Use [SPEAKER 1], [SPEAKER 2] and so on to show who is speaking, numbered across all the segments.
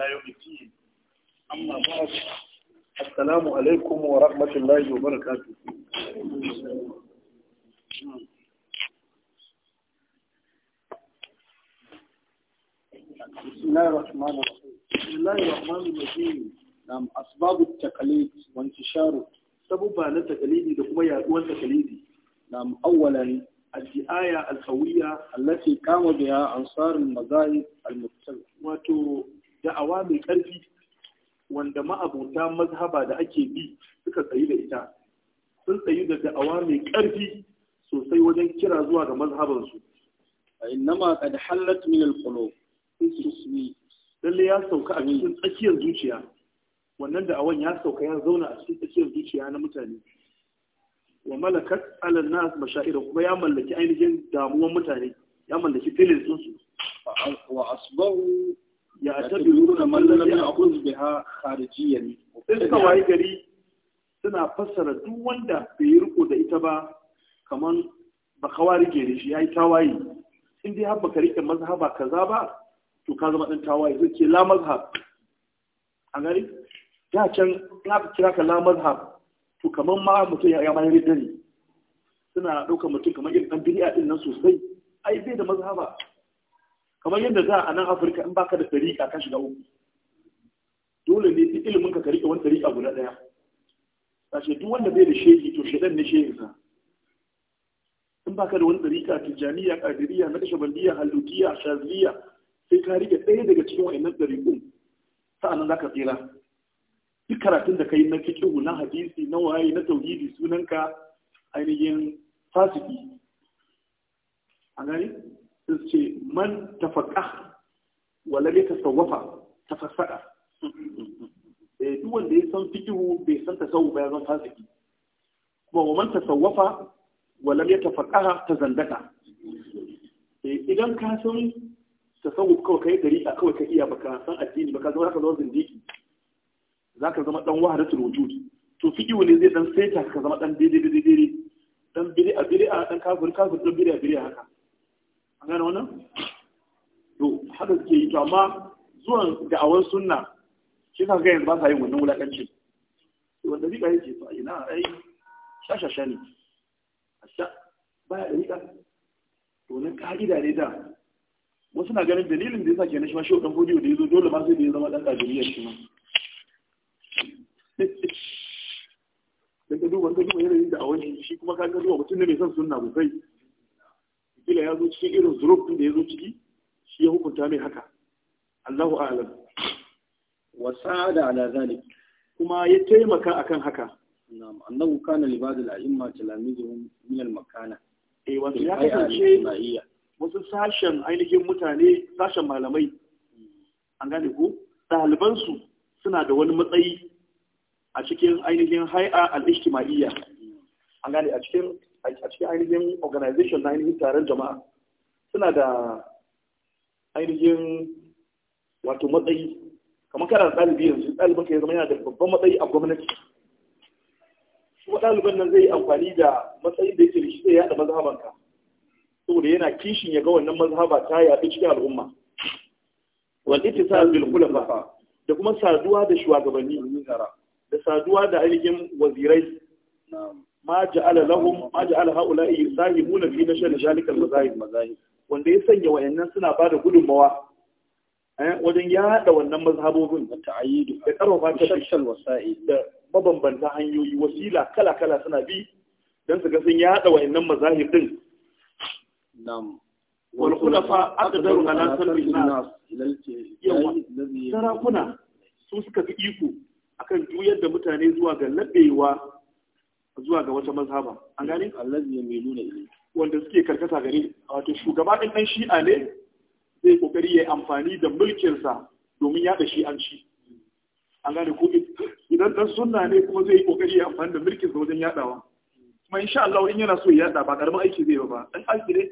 [SPEAKER 1] لا يوم الدين أما بعد السلام عليكم ورحمة الله وبركاته بسم الله الرحمن الرحيم بسم الله الرحمن الرحيم نعم أسباب التقليد وانتشاره سبب على التقليد لكم يأتوا التقليد نعم أولا الدعاية القوية التي قام بها أنصار المذاهب المتسلة وتو da'awa mai ƙarfi wanda ma'abota mazhaba da ake bi suka tsayi da ita sun tsayi da da'awa mai ƙarfi sosai wajen kira zuwa ga mazhabansu a innama qad halat min al-qulub ismi lalle ya sauka a cikin tsakiyar zuciya wannan da'awan ya sauka ya zauna a cikin tsakiyar zuciya na mutane wa malakat ala nas mashaira kuma ya mallaki ainihin damuwan mutane ya mallaki filin sunsu wa asbahu ya biyu na mallami a biha kharijiyya suka waye gari suna fassara duk wanda bai yi riko da ita ba kamar ba kawari gere shi yayi tawaye in dai har baka rike mazhaba kaza ba to ka zama dan tawaye zai ce la mazhab a gari da can in fi kira ka la mazhab to kamar ma mutum ya bayar da ne suna ɗaukar mutum kamar irin ɗan bid'a ɗin nan sosai ai bai da mazhaba kamar yadda za a nan afirka in baka da tariƙa ka shiga uku dole ne duk ilimin ka riƙe wani tariƙa guda ɗaya sashe duk wanda bai da shehi to ɗan ne sa in baka da wani tariƙa tijjaniya ƙadiriya na kashabandiya halutiya shaziliya sai ka riƙe ɗaya daga cikin wa'annan ɗariƙun sa'annan za ka tsira duk karatun da ka yi na fiƙihu na hadisi na waye na tauhidi sunanka ainihin fasiki a gani ce man tafaka wala ne tasawwafa tafasada eh duk wanda ya san fikihu bai san tasawuf ba ya zan fasiki kuma wa man tasawwafa wala ya tafaqqa tazandaka eh idan ka san tasawuf kawai kai dari a kawai ka iya baka san addini baka zama zaka zama zindiki zaka zama dan wahadatul wujud to fikihu ne zai dan saita ka zama dan daidai daidai dan bid'a bid'a dan kafir kafir dan a bid'a haka an gane wannan to haka suke yi to amma zuwan da'awar sunna shi ka ga yanzu ba sa yin wannan wulakancin wanda rika yake to ina ai shashasha ne sha baya da rika to nan ka'ida ne da wasu na ganin dalilin da ya kenan shi na shi dan godiyo da zo dole ma sai da ya zama dan kajiriyar shi ma daga duba ka duba yanayin da a wani shi kuma ka ga duba mutum ne mai son sunna kai. kila ya zo cikin irin zurub din da ya zo ciki shi ya hukunta mai haka Allahu a'lam wa sa'ada ala zalik kuma ya taimaka akan haka na'am annahu kana li ba'd al-a'imma talamizuhum min al-makana eh wato ya kasance wasu sashen ainihin mutane sashen malamai an gane ko su suna da wani matsayi a cikin ainihin hai'a al-ijtima'iyya an gane a cikin a cikin ainihin organization na ainihin taron jama'a suna da ainihin wato matsayi kamar kana da ɗalibi yanzu ɗaliban ka ya zama yana da babban matsayi a gwamnati kuma ɗaliban nan zai yi amfani da matsayin da yake da shi zai yaɗa mazhabanka saboda yana kishin ya ga wannan mazhaba ta yaɗu cikin al'umma ita sa bil kulafa, da kuma saduwa da shugabanni da saduwa da ainihin wazirai ma ja'ala lahum ma ja'ala ha'ula'i yusahimuna fi nashr zalikal mazahib mazahib wanda ya sanya wayannan suna bada gudunmawa eh, wajen yada wannan mazhabobin da ta'ayyidu da karfafa ta shakal wasa'i da mabambanta hanyoyi wasila kala kala suna bi dan su ga sun yada wayannan mazahib din nam wal khulafa aqdaru ala salbi nas yawa sarakuna su suka fi iko akan juyar da mutane zuwa ga labewa zuwa ga wata mazhaba an gane allazi yamiluna ilayhi wanda suke karkata gare wato shugaba din dan shi'a ne zai kokari yayi amfani da mulkin sa domin yada shi'anci an gane ko idan dan sunna ne kuma zai kokari yayi amfani da mulkin sa wajen yadawa kuma insha Allah in yana so ya yada ba karamin aiki zai ba dan aiki ne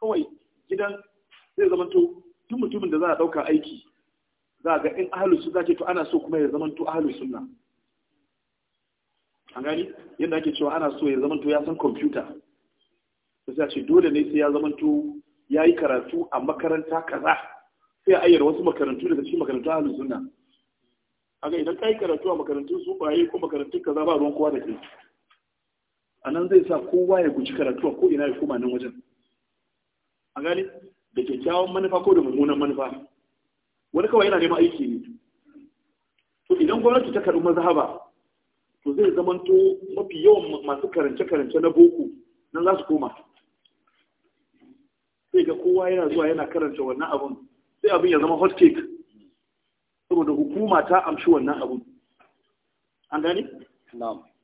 [SPEAKER 1] kawai gidan zai to duk mutumin da za a dauka aiki za ga in ahlus sunna ce to ana so kuma ya to ahlus sunna an gani yadda ake cewa ana so ya zamanto ya san kwamfuta sai ce dole ne sai ya zamanto ya yi karatu a makaranta kaza sai a ayyar wasu makarantu daga cikin makarantu ahlus A aga idan ka yi karatu a makarantun su baye ko makarantun kaza ba ruwan kowa da ke a nan zai sa kowa ya guji karatu a ko'ina ya koma nan wajen a gani da kyakkyawan manufa ko da mummunan manufa wani kawai yana neman aiki ne to idan gwamnati ta karɓi mazhaba to zai zamanto mafi yawan masu karance-karance na boko nan za su koma sai ga kowa yana zuwa yana karanta wannan abun sai abin ya zama hot cake saboda hukuma ta amshi wannan abun an gani?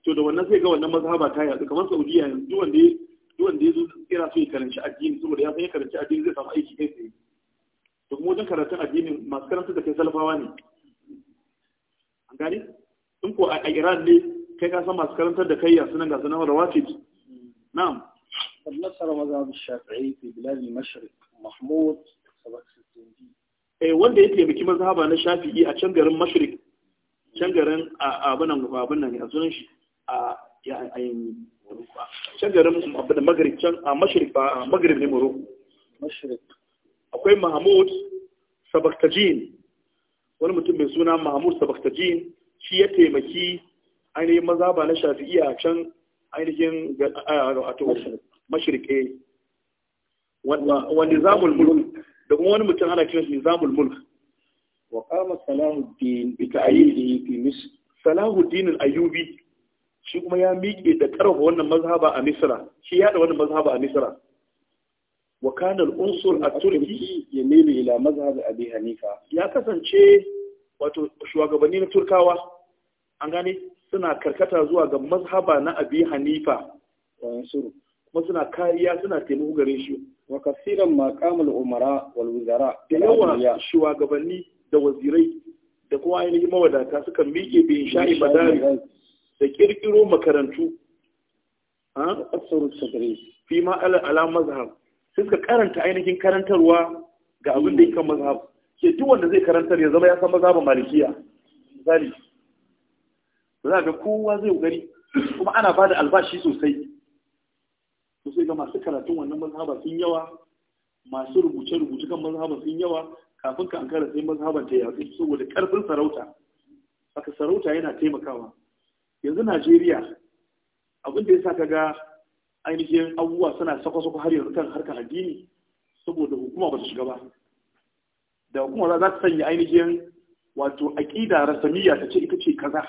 [SPEAKER 1] to da wannan sai ga wannan mazhaba ta yadda kamar saudiya yanzu wanda ya wanda ya zo yana su yi karanci addini saboda ya san yi karanci addini zai samu aiki kai tsaye to kuma wajen karatun addini masu karanta da kai salafawa ne an gani? in ko a iran ne kai ka san masu karantar da kai ya suna ga sunan rawatib na'am nasara mahmud eh, wanda ya taimaki mazhaba na shafi'i a can garin mashriq can garin a sunan a can garin a mashriq ne moro akwai mahmud sabaktajin wani mutum mai suna mahmud sabaktajin shi ya taimaki ainihin maza ba na shafi'iya a can ainihin a mashirke wani zamul mulk da kuma wani mutum ana kiran shi zamul mulk wa kama salahuddin bi ta'yidihi fi misr salahuddin al-ayyubi shi kuma ya miƙe da karfa wannan mazhaba a misra shi ya da wannan mazhaba a misra wa kana al-unsur at-turki yamilu ila mazhab abi hanifa ya kasance wato shugabanni na turkawa an gane suna karkata zuwa ga mazhaba na abi hanifa wayan suru kuma suna kariya suna taimako gare shi wa kasiran maqamul umara wal wuzara da yawa shugabanni da wazirai da kuma ainihin mawadata suka miƙe bin sha'i badari da kirkiro makarantu a tsarun sadari fi ma ala mazhab suka karanta ainihin karantarwa ga abin da yake mazhab ke duk wanda zai karantar ya zama ya san mazhabin malikiya misali za ga kowa zai kokari kuma ana bada albashi sosai to sai ga masu karatun wannan mazhaba sun yawa masu rubuce-rubuce kan mazhaban sun yawa kafin ka ankara sai mazhaban ta yaƙi saboda karfin sarauta haka sarauta yana taimakawa yanzu Najeriya abin da ya sa kaga ainihin abubuwa suna sako-sako har yanzu kan harkar addini saboda hukuma ba su shiga ba da hukuma za ta sanya ainihin wato aƙida rasamiyya ta ce ita ce kaza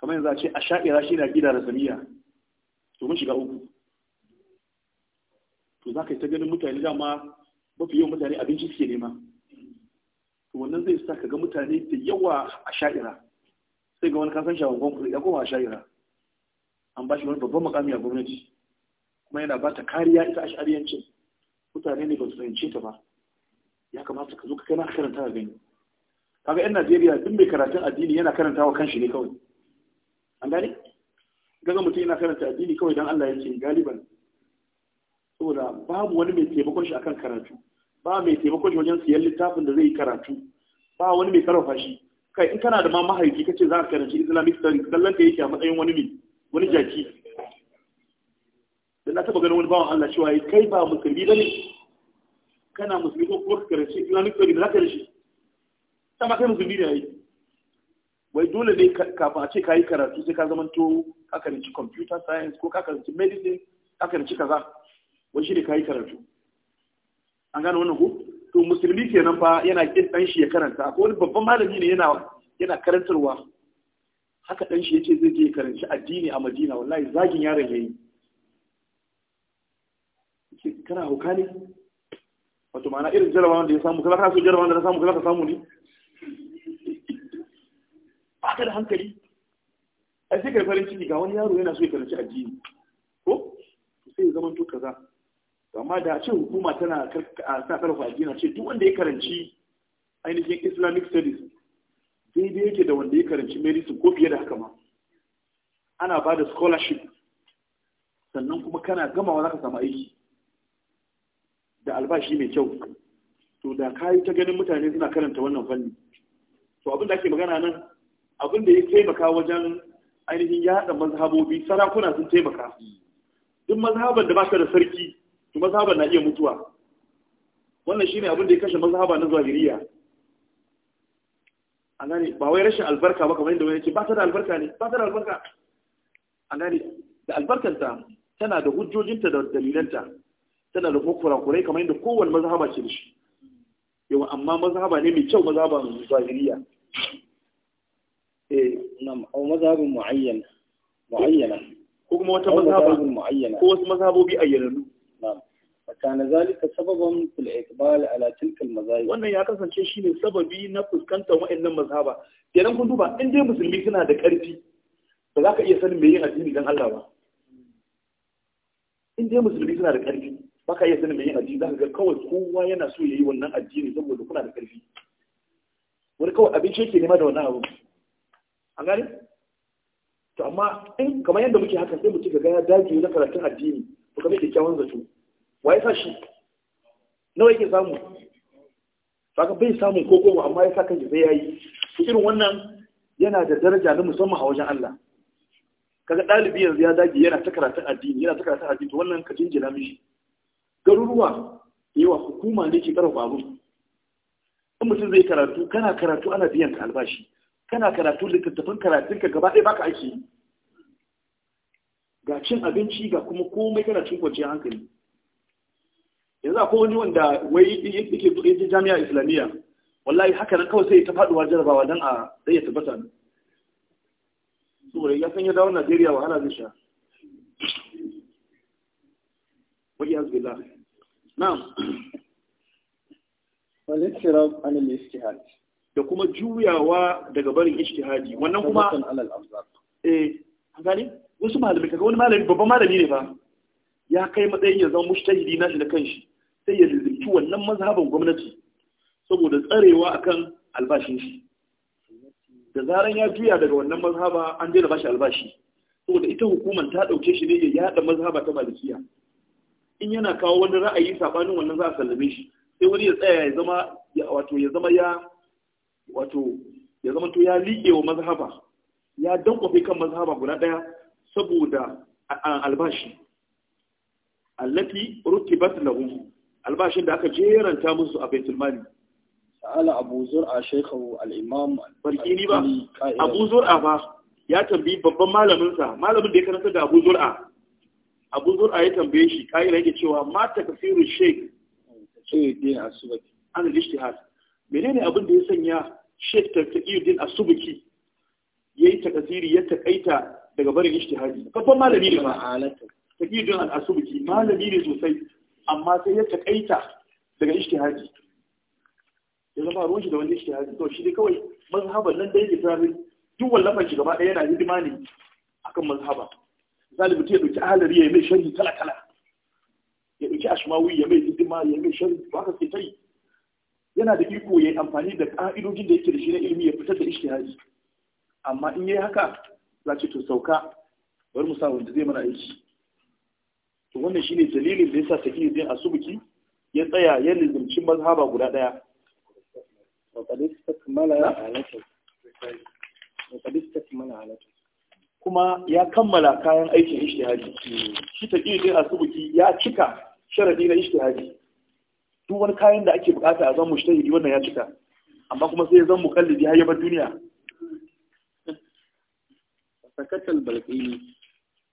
[SPEAKER 1] kamar yanzu a ce a sha'ira shi na gida da samiya to mun shiga uku to za ka yi ta ganin mutane dama mafi yawan mutane abinci suke nema to wannan zai sa ka ga mutane da yawa a sha'ira sai ga wani kasan shawagon kuɗi ya koma a sha'ira an ba shi wani babban makami a gwamnati kuma yana ba ta kariya ita a sha'ariyancin mutane ne ba su fahimce ta ba ya kamata ka zo ka kai na karanta a gani kaga yan najeriya duk mai karatun addini yana karantawa kanshi ne kawai an gane gaga mutum yana karanta addini kawai don Allah ya ce galiban saboda babu wani mai taimakon shi akan karatu ba mai taimakon shi wajen siyan littafin da zai karatu ba wani mai karfafa shi kai in kana da ma mahaifi kace za ka karanci islamic studies kallon ka yake a matsayin wani mai wani jaki da na taba ganin wani bawan Allah cewa kai ba musulmi bane kana musulmi ko kuma ka karanci islamic studies za ka da shi ma kai musulmi da yi. wai dole ne kafin a ce ka yi karatu sai ka zamanto ka karanci computer science ko ka karanci medicine ka karanci kaza wai shi ne ka yi karatu an gane wannan ko to musulmi kenan fa yana kin dan shi ya karanta akwai wani babban malami ne yana yana karantarwa haka dan shi yace zai je karanci addini a Madina wallahi zagin yaron yayi kana hauka ne wato ma'ana irin jarabawan da ya samu kala ka so jarabawan da ka samu kala ka samu ne baka da hankali ai sai kai farin ciki ga wani yaro yana so ya karanci addini ko sai ya zama to kaza amma da ce hukuma tana sa karfa addini ce duk wanda ya karanci ainihin islamic studies daidai yake da wanda ya karanci medicine ko fiye da haka ma ana ba da scholarship sannan kuma kana gamawa za ka samu aiki da albashi mai kyau to da ka ta ganin mutane suna karanta wannan fanni to abin da ake magana nan abin da ya taimaka wajen ainihin haɗa mazhabobi sarakuna sun taimaka duk mazhaban da ba da sarki to mazhaban na iya mutuwa wannan shine abin da ya kashe mazhaba na zahiriya anani ba wai rashin albarka ba kamar yadda wani yake ba ta da albarka ne ba ta da albarka anani da da albarkanta tana da hujjojinta da dalilanta tana da kurai kamar yadda kowane mazhaba ce da shi yau amma mazhaba ne mai kyau mazhaban zahiriya eh nam aw mazhabin muayyan muayyana ko kuma wata mazhaba muayyana ko wasu mazhabobi ayyanannu nam فكان ذلك سببا في الاقبال على تلك المذاهب wannan ya kasance shine sababi na fuskantar wa'annan mazhaba Idan kun duba in dai musulmi suna da karfi ba za ka iya sanin me yin addini dan Allah ba in dai musulmi suna da karfi ba ka iya sanin me yin addini za ka ga kawai kowa yana so yayi wannan addini saboda kuna da karfi wani kawai abin shi yake nema da wannan abu a gani to amma in kamar yadda muke hakan sai mutum ga ya dage na karatun addini to kamar da kyawun zato wa ya sa shi nawa yake samu saka bai samun koko amma ya sa kan zai yayi su irin wannan yana da daraja na musamman a wajen Allah kaga ɗalibi yanzu ya dage yana ta karatun addini yana ta karatun addini to wannan ka jinjina mishi garuruwa yawa hukuma ne ke karfa abun in mutum zai karatu kana karatu ana biyan ka albashi kana karatu littattafan karatun ka gaba ɗaya baka aiki ga cin abinci ga kuma komai kana cin kwanci hankali yanzu akwai wani wanda wai yake yake jami'a islamiyya wallahi haka nan kawai sai ta faduwa jarabawa don a zai tabbata ne saboda ya san ya dawo Najeriya wahala zai sha wani ya billah na'am wal istirab an al da kuma juyawa daga barin ijtihadi wannan kuma eh gani wasu malami kaga wani malami babban malami ne fa ya kai matsayin ya zama mushtahidi na shi da kanshi sai ya lizirci wannan mazhaban gwamnati saboda tsarewa akan albashin shi da zaran ya juya daga wannan mazhaba an daina bashi albashi saboda ita hukumar ta dauke shi ne ya yada mazhaba ta malikiya in yana kawo wani ra'ayi sabanin wannan za a sallame shi sai wani ya tsaya ya zama wato ya zama ya wato ya zama to ya liƙe wa mazhaba ya dankwafe kan mazhaba guda ɗaya saboda albashi allati rutibat lahum albashin da aka jeranta musu a baitul mali sa'ala abu zur'a shaykhu al-imam barkini ba abu zur'a ba ya tambayi babban malamin sa malamin da ya karanta da abu zur'a abu zur'a ya tambaye shi kai yake cewa mata kafiru shaykh sai din asubaki an al menene abin da ya sanya Sheikh Tafi'uddin asubuki ya yayi takasiri ya takaita daga barin ishtihadi babban malami ne ma. Taqiyuddin as asubuki malami ne sosai amma sai ya takaita daga ishtihadi ya zama ruwan shi da wani ishtihadi to shi dai kawai mazhaban nan da yake tsari duk wallafa shi gaba ɗaya yana hidima ne akan mazhaba zalibi ta dauki ahalari ya mai sharhi kala kala ya dauki ashmawi ya mai hidima ya mai sharhi ba ka sai tai yana da iko ya yi amfani da ƙa'idojin da yake da shi na ilimi ya fitar da ishtihadi amma in yi haka za ce to sauka bari mu sa wanda zai mana aiki to wannan shine dalilin da yasa yi din asubuki ya tsaya ya lizumci mazhaba guda daya kuma ya kammala kayan aikin ishtihadi hmm. shi din asubuki ya cika sharadi na ishtihadi duk wani kayan da ake bukata a zan yi wannan ya cika amma kuma sai zan mukalli har ya bar duniya sakatal balqini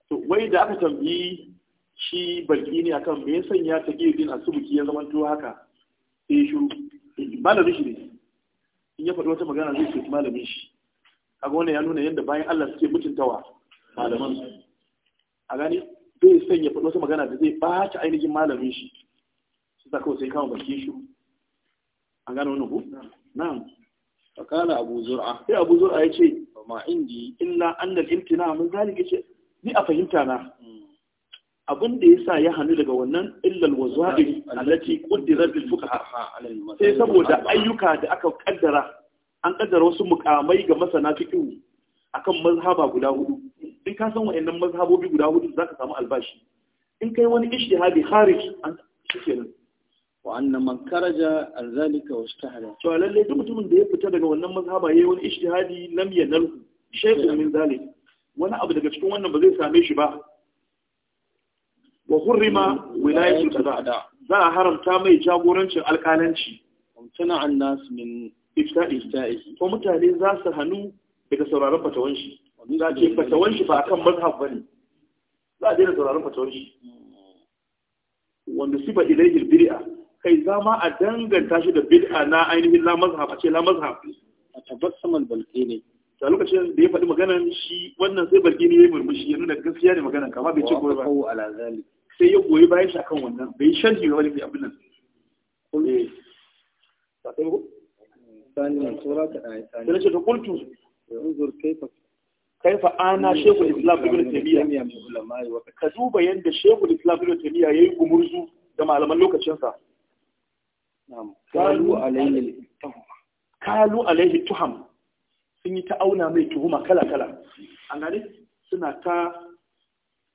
[SPEAKER 1] to wai da aka tambayi shi balqini akan me yasa ya take yin asubuki ya zaman to haka sai shiru malami shi ne in ya faɗi wata magana zai ce malamin shi kaga wannan ya nuna yadda bayan Allah suke mutuntawa malaman a gani zai sanya faɗi wata magana da zai ta ainihin malamin shi sa kawai sai bakin shi a gano wani ku na'am fakala abu zur'a sai abu zur'a ya ce ma indi illa annal mun min zalik ce ni a fahimta na hmm. abin da ya sa ya hannu daga wannan illal waza'i allati quddirat suka fuqaha sai saboda ayyuka da aka kaddara an kaddara wasu mukamai ga masana a akan mazhaba guda hudu in ka san wayannan mazhabobi guda hudu ka samu albashi in kai wani ishtihadi kharij an nan. wa anna man karaja alzalika zalika wa ishtihada to lalle duk mutumin da ya fita daga wannan mazhaba yayi wani ishtihadi lam yanalhu shay'un min zalik wani abu daga cikin wannan ba zai same shi ba wa hurrima wilayatul qada za a haramta mai jagorancin alƙalanci tana an nas min ifta'i ko mutane za su hannu daga sauraron fatawan shi za ce fatawan shi ba akan mazhab ne. za a daina sauraron fatawan shi wanda sifa ilayhi bid'a kai za ma a danganta shi da bid'a na ainihin la mazhab a ce la mazhab a tabassama al ne da lokacin da ya faɗi magana shi wannan sai ne ya murmushi ya nuna gaskiya ne magana. kama bai ce goyi ba sai ya goyi bayan shi akan wannan bai shanti ba wani abin nan eh ce ta ثانية قلت ana كيف islam ibn شيخ الاسلام ابن تيمية كذوب يند شيخ الاسلام ابن تيمية يقوم مرزو da malaman lokacinsa kalu alaihi tuham sun yi ta auna mai tuhuma kala kala an gane suna ta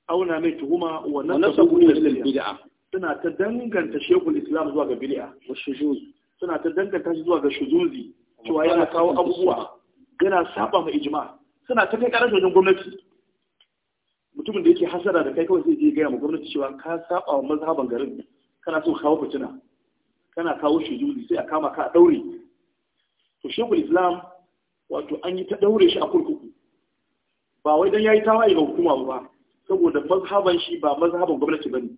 [SPEAKER 1] auna mai tuhuma wa nasabu ila bid'a suna ta danganta shekul islam zuwa ga bili'a suna ta danganta shi zuwa ga shuzuzi cewa yana kawo abubuwa yana saba mai ijima suna ta kai karashe wajen gwamnati mutumin da yake hasara da kai kawai zai je gaya ma gwamnati cewa ka saba wa mazhaban garin kana so kawo fitina kana kawo sheduli sai a kama ka a daure to shekul islam wato an yi ta daure shi a kurkuku ba wai don ya yi tawaye ga hukuma ba saboda mazhaban shi ba mazhaban gwamnati ba ne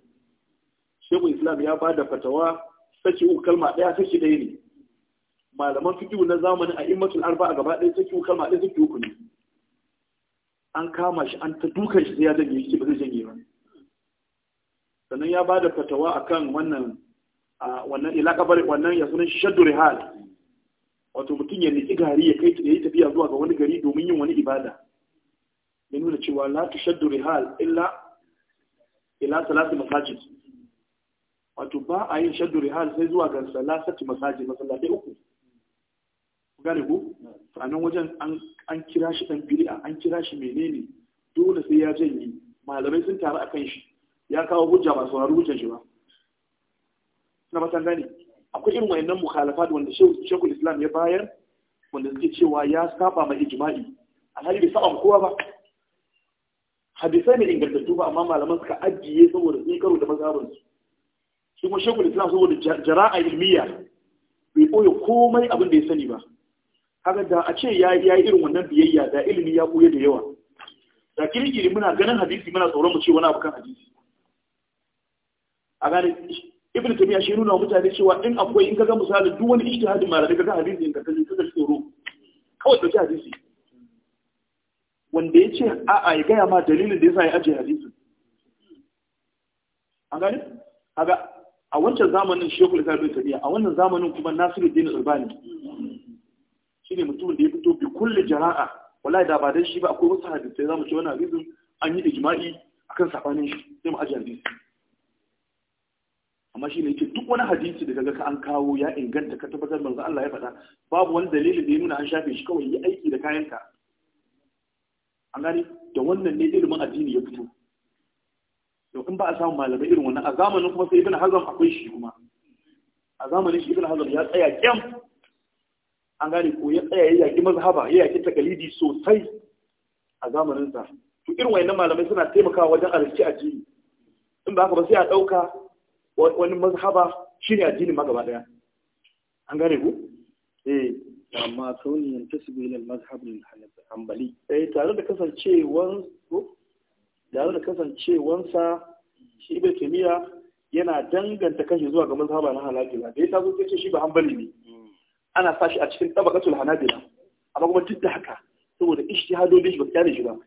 [SPEAKER 1] shekul islam ya ba da fatawa sace uku kalma ɗaya sace ɗaya ne malaman fikihu na zamani a immatul arba a gaba ɗaya sace uku kalma ɗaya sace uku ne an kama shi an ta dukan shi sai ya janye shi ba zai janye ba sannan ya ba da fatawa akan wannan wannan ila kabar wannan ya sunan shaddu rihal wato mutum ya niki gari ya kai ya yi tafiya zuwa ga wani gari domin yin wani ibada ya nuna cewa la Shaddu rihal illa ila salati masajid wato ba a yin shaddu rihal sai zuwa ga salasati masajid masallatai uku gane ku sanan wajen an kira shi dan bid'a an kira shi menene dole sai ya janye malamai sun taru akan shi ya kawo hujja ba saurari hujjar shi ba na batan ne, akwai irin wayannan mukhalafa da wanda shekul islam ya bayar wanda suke cewa ya saba ma ijma'i alhali bai saba kowa ba hadisai ne ingantattu ba amma malaman suka ajiye saboda sun karo da mazhabin su shi kuma shekul islam saboda jara'a ilmiya bai koya komai abin da ya sani ba haka da a ce ya yi irin wannan biyayya da ilimi ya koya da yawa da kirkiri muna ganin hadisi muna tsoron mu ce wani abu kan hadisi a gane ibn tabi'a shi nuna mutane cewa in akwai in kaga misali duk wani ijtihadin daga ga hadisi in kalli kaga tsoro kawai dauki hadisi wanda ya ce a'a ya gaya ma dalilin da yasa ya ajiye hadisi an gani aga a wancan zamanin shekul islam ibn tabiya a wannan zamanin kuma nasiruddin albani shine mutumin da ya fito bi kulli jara'a wallahi da ba dan shi ba akwai wasu hadisi zamu ce wannan hadisin an yi ijma'i akan sabanin shi sai mu ajiye hadisi amma shi ne ce duk wani hadisi da kaga ka an kawo ya inganta ka tabbatar manzo Allah ya faɗa babu wani dalilin da ya nuna an shafe shi kawai yi aiki da kayanka an gani da wannan ne ilimin addini ya fito To in ba a samu malamai irin wannan a zamanin kuma sai ibn hazm akwai shi kuma a zamanin shi ibn hazm ya tsaya kyam an gane ko ya tsaya ya yaki mazhaba ya yaki takalidi sosai a zamanin sa to irin wayannan malamai suna taimakawa wajen arziki addini in ba haka ba sai a dauka wani mazhaba shine addinin ma gaba daya an gane ku eh amma kauni yantasibu ila al-mazhab al-hanbali eh tare da kasancewan tare da kasancewansa shi bai taymiya yana danganta kashi zuwa ga mazhaba na hanabila da ya taso sai shi ba hanbali ne hmm. ana sashi a cikin tabaqatul hanabila amma kuma duk da haka saboda ijtihadodin shi ba kyale shi ba hmm.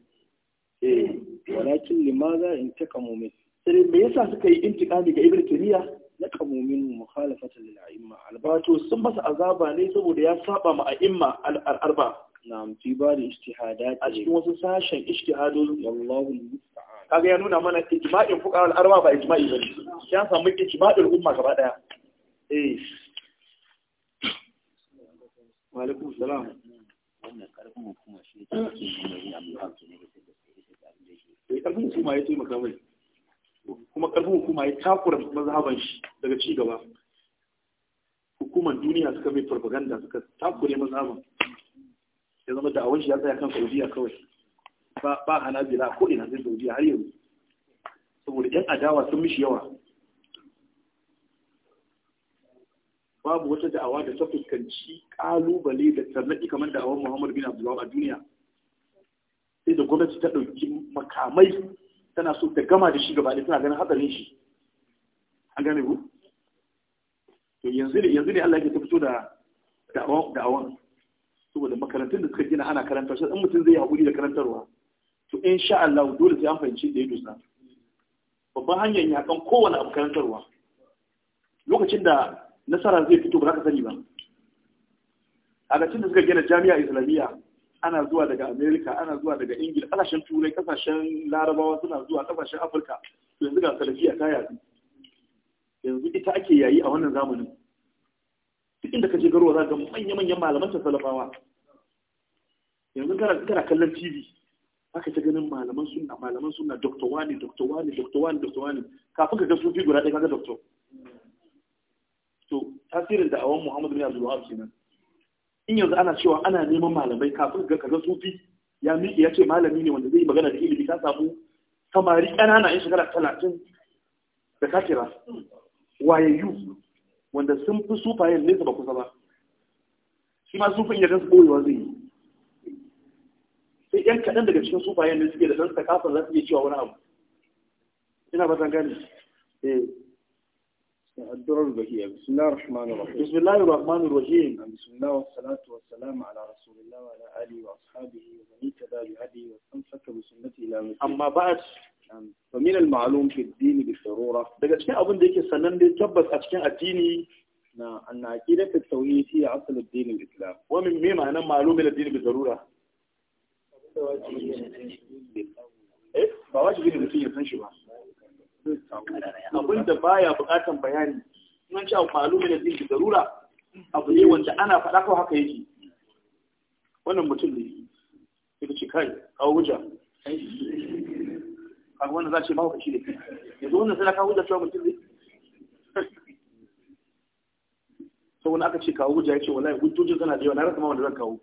[SPEAKER 1] eh walakin limaza intaqamu min sai me yasa suka yi intiqami ga ibnu taymiya laqamu min mukhalafatan lil a'imma albato sun masa azaba ne saboda ya saba ma a'imma al-arba na'am fi bari ijtihadat a cikin wasu sashen ijtihadun wallahu musta'an kaga ya nuna mana ijma'in fuqara al-arba ba ijma'i bane ya samu ijma'ul umma gaba daya eh wa alaikum salam wannan karfin kuma shi ne ke nuna yin abubuwa ke ne da sai da sai da abin da shi ƙarfin hukuma ya takura mazhaban shi daga ci gaba hukumar duniya suka mai farfaganda suka takure mazhaban ya zama awon shi ya tsaya kan saudiya kawai ba hana hanabila ko ina zai saudiya har yanzu saboda yan adawa sun mishi yawa babu wata da'awa da ta fuskanci kalubale da tarnaɗi kamar da'awar Muhammadu bin abdullahi a duniya sai da gwamnati ta ɗauki makamai tana so ta gama da shi gaba da tana ganin hatsarin shi an gane ku to yanzu ne yanzu ne Allah yake fito da da'awan da'awan saboda makarantun da suka gina ana karantar shi in mutum zai haƙuri da karantarwa to insha Allah dole sai an fahimci da ya dusa babban hanyar ya kan kowane abu karantarwa lokacin da nasara zai fito ba za ka sani ba a da suka gina jami'a islamiyya ana zuwa daga amerika ana zuwa daga ingila kasashen turai kasashen larabawa suna zuwa kasashen afirka to yanzu ga salafiya ta yaki yanzu ita ake yayi a wannan zamanin duk inda ka je garuwa za ga manya-manyan malaman ta salafawa yanzu kana kana kallon tv aka ta ganin malaman sunna malaman sunna dr wani dr wani dr wani dr wani kafin ka ga sufi guda ɗaya ga Dr. to tasirin da awon muhammadu bin abdul wahab kenan in yanzu ana cewa ana neman malamai kafin ga kaga sufi ya miƙe ya ce malami ne wanda zai yi magana da ilimi ka samu samari ƙanana yan shekara talatin da ka kira wayayyu wanda sun fi sufayen nesa ba kusa ba shi ma sufin ya gansu ɓoyewa zai yi sai yan kaɗan daga cikin sufayen ne suke da ɗan takafar za su iya cewa wani abu ina ba gane eh بسم الله الرحمن الرحيم بسم الله الرحمن الرحيم نعم، بسم الله والصلاة والسلام على رسول الله وعلى آله وأصحابه ومن اهتدى بهدي واستمسك بسنته إلى أما بعد نعم. فمن المعلوم في الدين بالضرورة دقت كان أظن ديك السنن دي تبت أشكان الديني نا نعم، أن عقيدة التوحيد هي أصل الدين الإسلام ومن مما أنا معلوم من الدين بالضرورة إيه بواجب الدين بالضرورة abin da baya bukatan bayani mun ci ma'lumin da zai garura abu ne wanda ana faɗa kawai haka yake wannan mutum ne ya ce kai kawo wuja kaga wannan za ce ba ka shi da kai yanzu wannan sai na kawo wuja cewa mutum ne sau wani aka ce kawo wuja ya ce wallahi hujjojin tana da yawa na rasa ma wanda zan kawo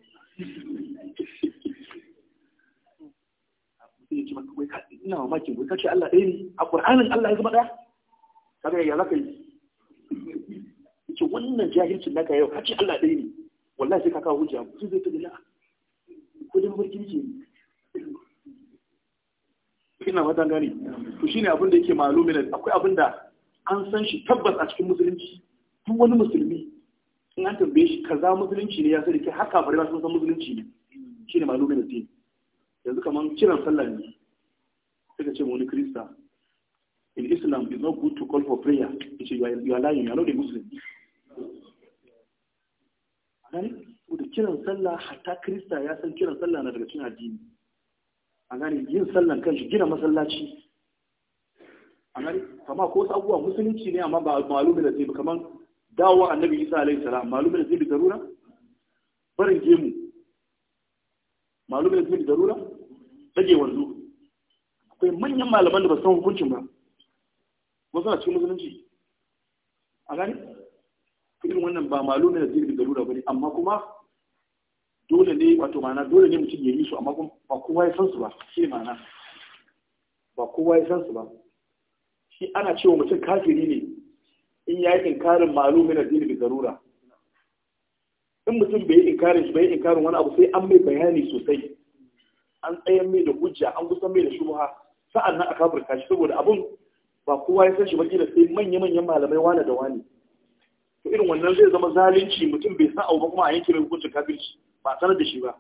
[SPEAKER 1] sai ya ce maka wai ka ina mamakin ka ce Allah ɗaya ne a ƙur'anin Allah ya zama ɗaya kaga ya zaka yi ce wannan jahilcin naka yau kace Allah ɗaya ne wallahi sai ka kawo hujja mutum zai tabbata ko dai mafarkin ne ina mata gane to shine abin da yake malumin akwai abin da an san shi tabbas a cikin musulunci duk wani musulmi in an tambaye shi kaza musulunci ne ya sani kai haka bari ba sun san musulunci ne shine malumin da yanzu kaman kiran sallah ne sai ka ce wani krista in islam it's not good to call for prayer ya ce you are lying you are not a muslim gani wata kiran sallah hatta krista ya san kiran sallah na daga cikin addini a gani yin sallan kanshi gina masallaci a kama ko wasu abubuwa musulunci ne amma ba malumin da zai bi kamar dawo annabi isa alaihi salam malumin da zai bi darura barin gemu malumin da zai bi darura dage wanzu akwai manyan malaman da ba san hukuncin ba ba suna cikin musulunci a gani irin wannan ba malu ne da zirgin da ba ne amma kuma dole ne wato ma'ana dole ne mutum ya yi su amma ba kowa ya san su ba shi mana. ba kowa ya san su ba shi ana cewa mutum kafiri ne in ya yi inkarin malu ne da zirgin garura in mutum bai yi inkarin shi bai yi inkarin wani abu sai an mai bayani sosai an tsayan mai da hujja an kusan mai da shubha sa'an nan a kafirta shi saboda abun ba kowa ya san shi bakila sai manya-manyan malamai wane da wane to irin wannan zai zama zalunci mutum bai san abu ba kuma a yanke mai hukuncin kafirci ba sanar da shi ba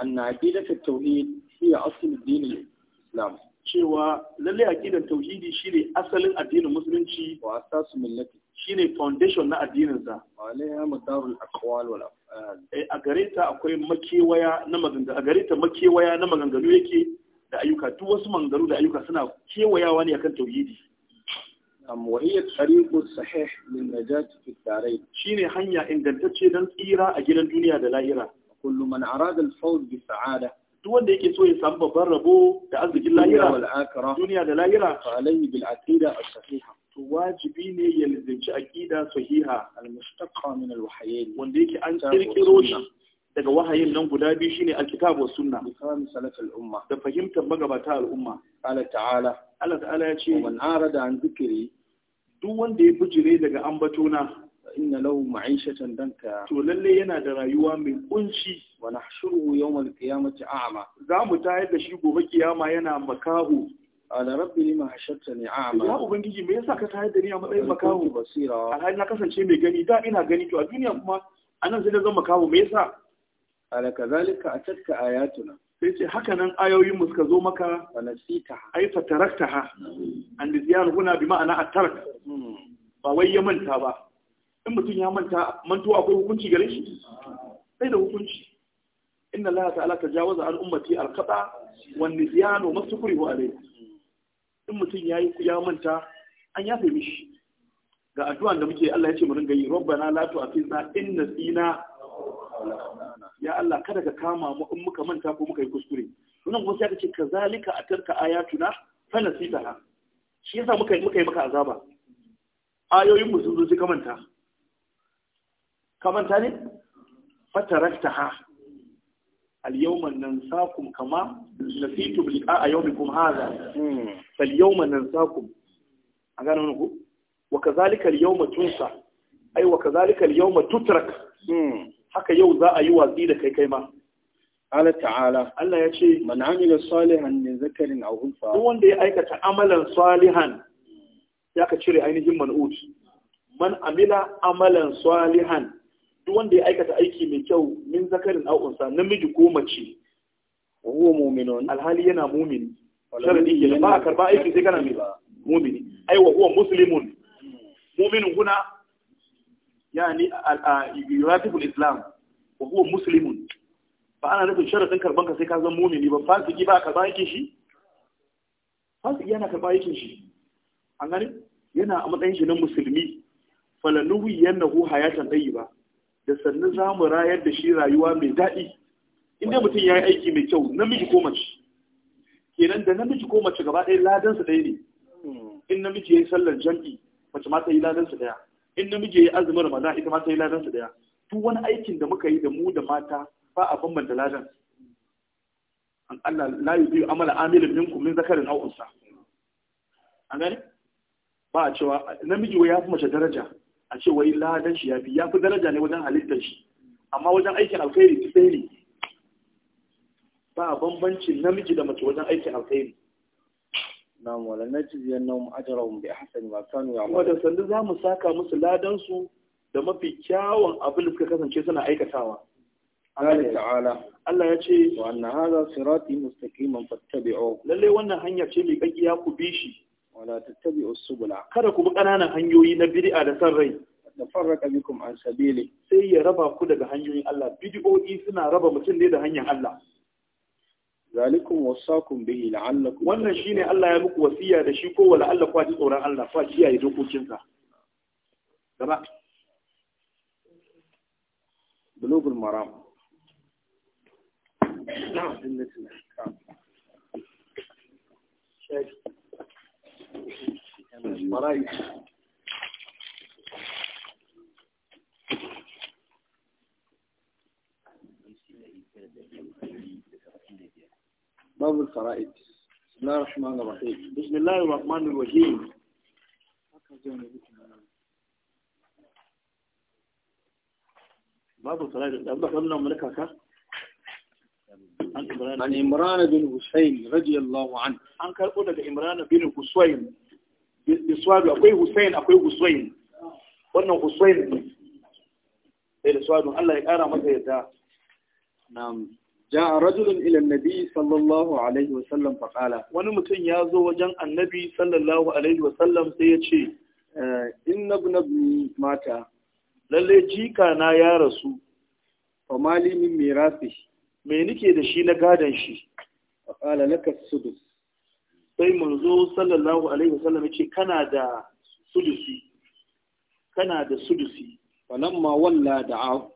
[SPEAKER 1] Annabi na ta tauhid shi asalin dinin islam cewa lalle aqidar tauhidi shine asalin addinin musulunci wa asasu millati shine foundation na addinin sa wa alaiha madarul aqwal wal afal Eh, a gare ta akwai makewaya na maganganu a gare ta makewaya na maganganu yake da ayyuka duk wasu maganganu da ayyuka suna kewayawa ne akan tauhidi am wa hiya tariqu sahih min najat fi shine hanya ingantacce dan tsira a gidan duniya da lahira kullu man arada al-fawz bi sa'ada duk wanda yake so ya samu babban rabo da arzikin lahira duniya da lahira fa alayhi bil aqida as-sahiha to wajibi ne ya lizinci aƙida sahiha al-mustaqqa min al-wahyayn wanda yake an kirkiro shi daga wahayin nan guda biyu shine al-kitab wa sunna misalan salat al-umma da fahimtar magabata al-umma Allah ta'ala Allah ta'ala ya ce man arada an zikri duk wanda ya bijire daga ambatona inna lahu ma'ishatan danka to lalle yana da rayuwa mai kunci wa nahshuru yawm al-qiyamati a'ma za mu tayar da shi gobe kiyama yana makahu ala rabbi lima hashartani a'ma ya ubangiji me yasa ka tayar da ni a matsayin makaho basira alhali na kasance mai gani da ina gani to a duniya kuma anan sai na zan makaho me yasa ala kazalika atatka ayatuna sai ce haka nan ayoyin mu suka zo maka falasita ai fataraktaha an diyan huna bi ma'ana atarak ba wai ya manta ba in mutum ya manta mantuwa akwai hukunci gare shi sai da hukunci inna allaha ta'ala tajawaza an ummati al-qata wan nisyanu masukrihu alayhi in mutum ya yi ya manta an yafe shi ga addu'an da muke Allah ya ce mu ringa yi rabbana la tu'akhizna in nasina ya Allah kada ka kama mu in muka manta ko muka yi kuskure sunan kuma sai ka ce kazalika atarka ayatuna fa nasitaha shi yasa muka muka yi maka azaba ayoyin mu sun zo sai ka manta ka manta ne fataraktaha al-yawma nansakum kama nasitu liqa'a yawmikum hadha fal yawma nansakum a gane wani ku wa kazalika al yawma tunsa ai wa kazalika al yawma tutrak haka yau za a yi watsi da kai kai ma Allah ta'ala Allah ya ce man amila salihan min zakarin aw unsa duk wanda ya aikata amalan salihan ya ka cire ainihin man'ut man amila amalan salihan duk wanda ya aikata aiki mai kyau min zakarin aw unsa namiji ko mace wa huwa mu'minun alhali yana mu'mini sharadi kenan ba a karba aiki sai kana mu'mini ai wa huwa muslimun mu'minun kuna yani yuratibu islam wa huwa ba ka ka zama mu'mini ba fasiki yana karba aikin shi an gani yana matsayin shi na musulmi falanuhu yannahu hayatan tayyiba da sannan za mu rayar da shi rayuwa mai daɗi inda mutum ya yi aiki mai kyau namiji ko mace kenan da namiji ko mace gaba ɗaya ladansa ɗaya ne in namiji ya yi sallar jam'i mace ma ta yi ladansa ɗaya in namiji ya yi azumin ramadan ita ma ta yi ladansa ɗaya duk wani aikin da muka yi da mu da mata ba a bambanta ladan an Allah la yuzi amala amilin minkum min zakarin aw unsa an gani ba a cewa namiji wai fi mace daraja a ce wai ladan shi ya fi ya fi daraja ne wajen halittar shi amma wajen aikin alkhairi sai ne ba bambancin namiji da mace wajen aikin alkhairi na'am wala najziyannahum ajrahum bi ahsani ma kanu ya'malun wanda sandu za mu saka musu ladan su da mafi kyawun abin da suka kasance suna aikatawa Allah ta'ala Allah ya ce wa anna hadha sirati mustaqiman fattabi'u lalle wannan hanyar ce mai kakkiya ku bi shi wala tattabi'u subula kada ku bi kananan hanyoyi na bid'a da san rai da farraka bikum an sabili sai ya raba ku daga hanyoyin Allah Bidi'o'i suna raba mutum ne da hanyar Allah zalikum wasakum bihi la'allakum wannan shine Allah ya muku wasiya da shi ko wala Allah kwa ji tsoron Allah kwa kiyaye dokokin sa gaba bulugul maram na'am dinnatin Thank you. باب الفرائض بسم الله الرحمن الرحيم بسم الله الرحمن الرحيم باب الفرائض الله قلنا ملكك عن عمران بن حسين رضي الله عنه عن كربو daga عمران بن حسين بسواد اكو حسين اكو حسين wannan Hussein ne sai da swadun Allah ya kara masa yadda na'am ja'a rajulun ila sallallahu alaihi wa sallam fa wani mutum ya zo wajen annabi sallallahu alaihi wa sallam sai ya ce eh, inna ibn mata lalle jika na ya rasu fa mali min mirasi me nike da shi na gadon shi fa qala laka sudus sai manzo sallallahu alaihi wa sallam yace kana da sudusi kana da sudusi falamma walla da'a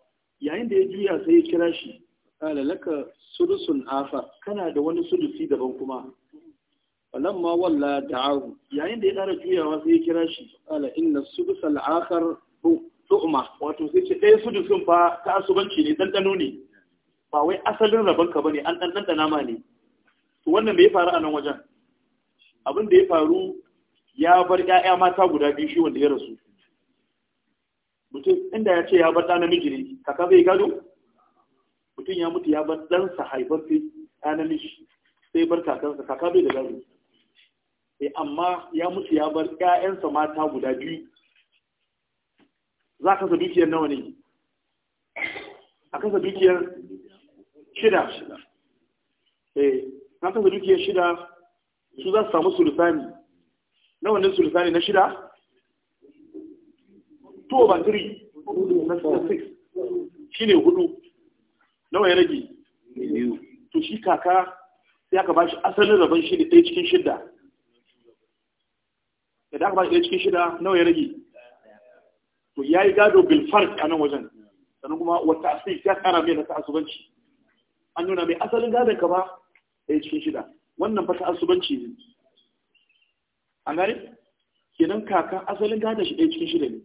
[SPEAKER 1] yayin da ya juya sai ya kira shi kala laka sulusun afa kana da wani sudusi daban kuma ma walla da'ahu yayin da ya ƙara juyawa sai ya kira shi kala inna sulusal akhar tu'ma wato sai ce ɗaya sulusun fa ta asubanci ne ɗanɗano ne ba wai asalin rabon ka bane an ɗan ɗanɗana ma ne to wannan me ya faru a nan wajen abin da ya faru ya bar 'ya'ya mata guda biyu shi wanda ya rasu mutum inda ya ce ya bar ɗa namiji ne kaka zai gado mutum ya mutu ya bar ɗansa haifar haifaffe ɗa shi sai bar kakansa kaka bai da gado eh, amma ya mutu ya bar ƴaƴansa mata guda biyu za ka kasa dukiyar nawa ne a kasa dukiyar shida eh na kasa dukiyar shida su za su samu sulusani na wannan sulusani na shida 2 over 3 na 6 shi ne hudu nawa ya rage to shi kaka sai aka bashi asalin rabon shi da cikin shida da aka ba ɗaya cikin shida nawa ya rage to ya yi gado bilfar a nan wajen sannan kuma wata asiri ya tsara mai na ta'asubanci an nuna mai asalin gadon ka ba ɗaya cikin shida wannan fata asubanci ne an gane kenan kaka asalin gadon shi ɗaya cikin shida ne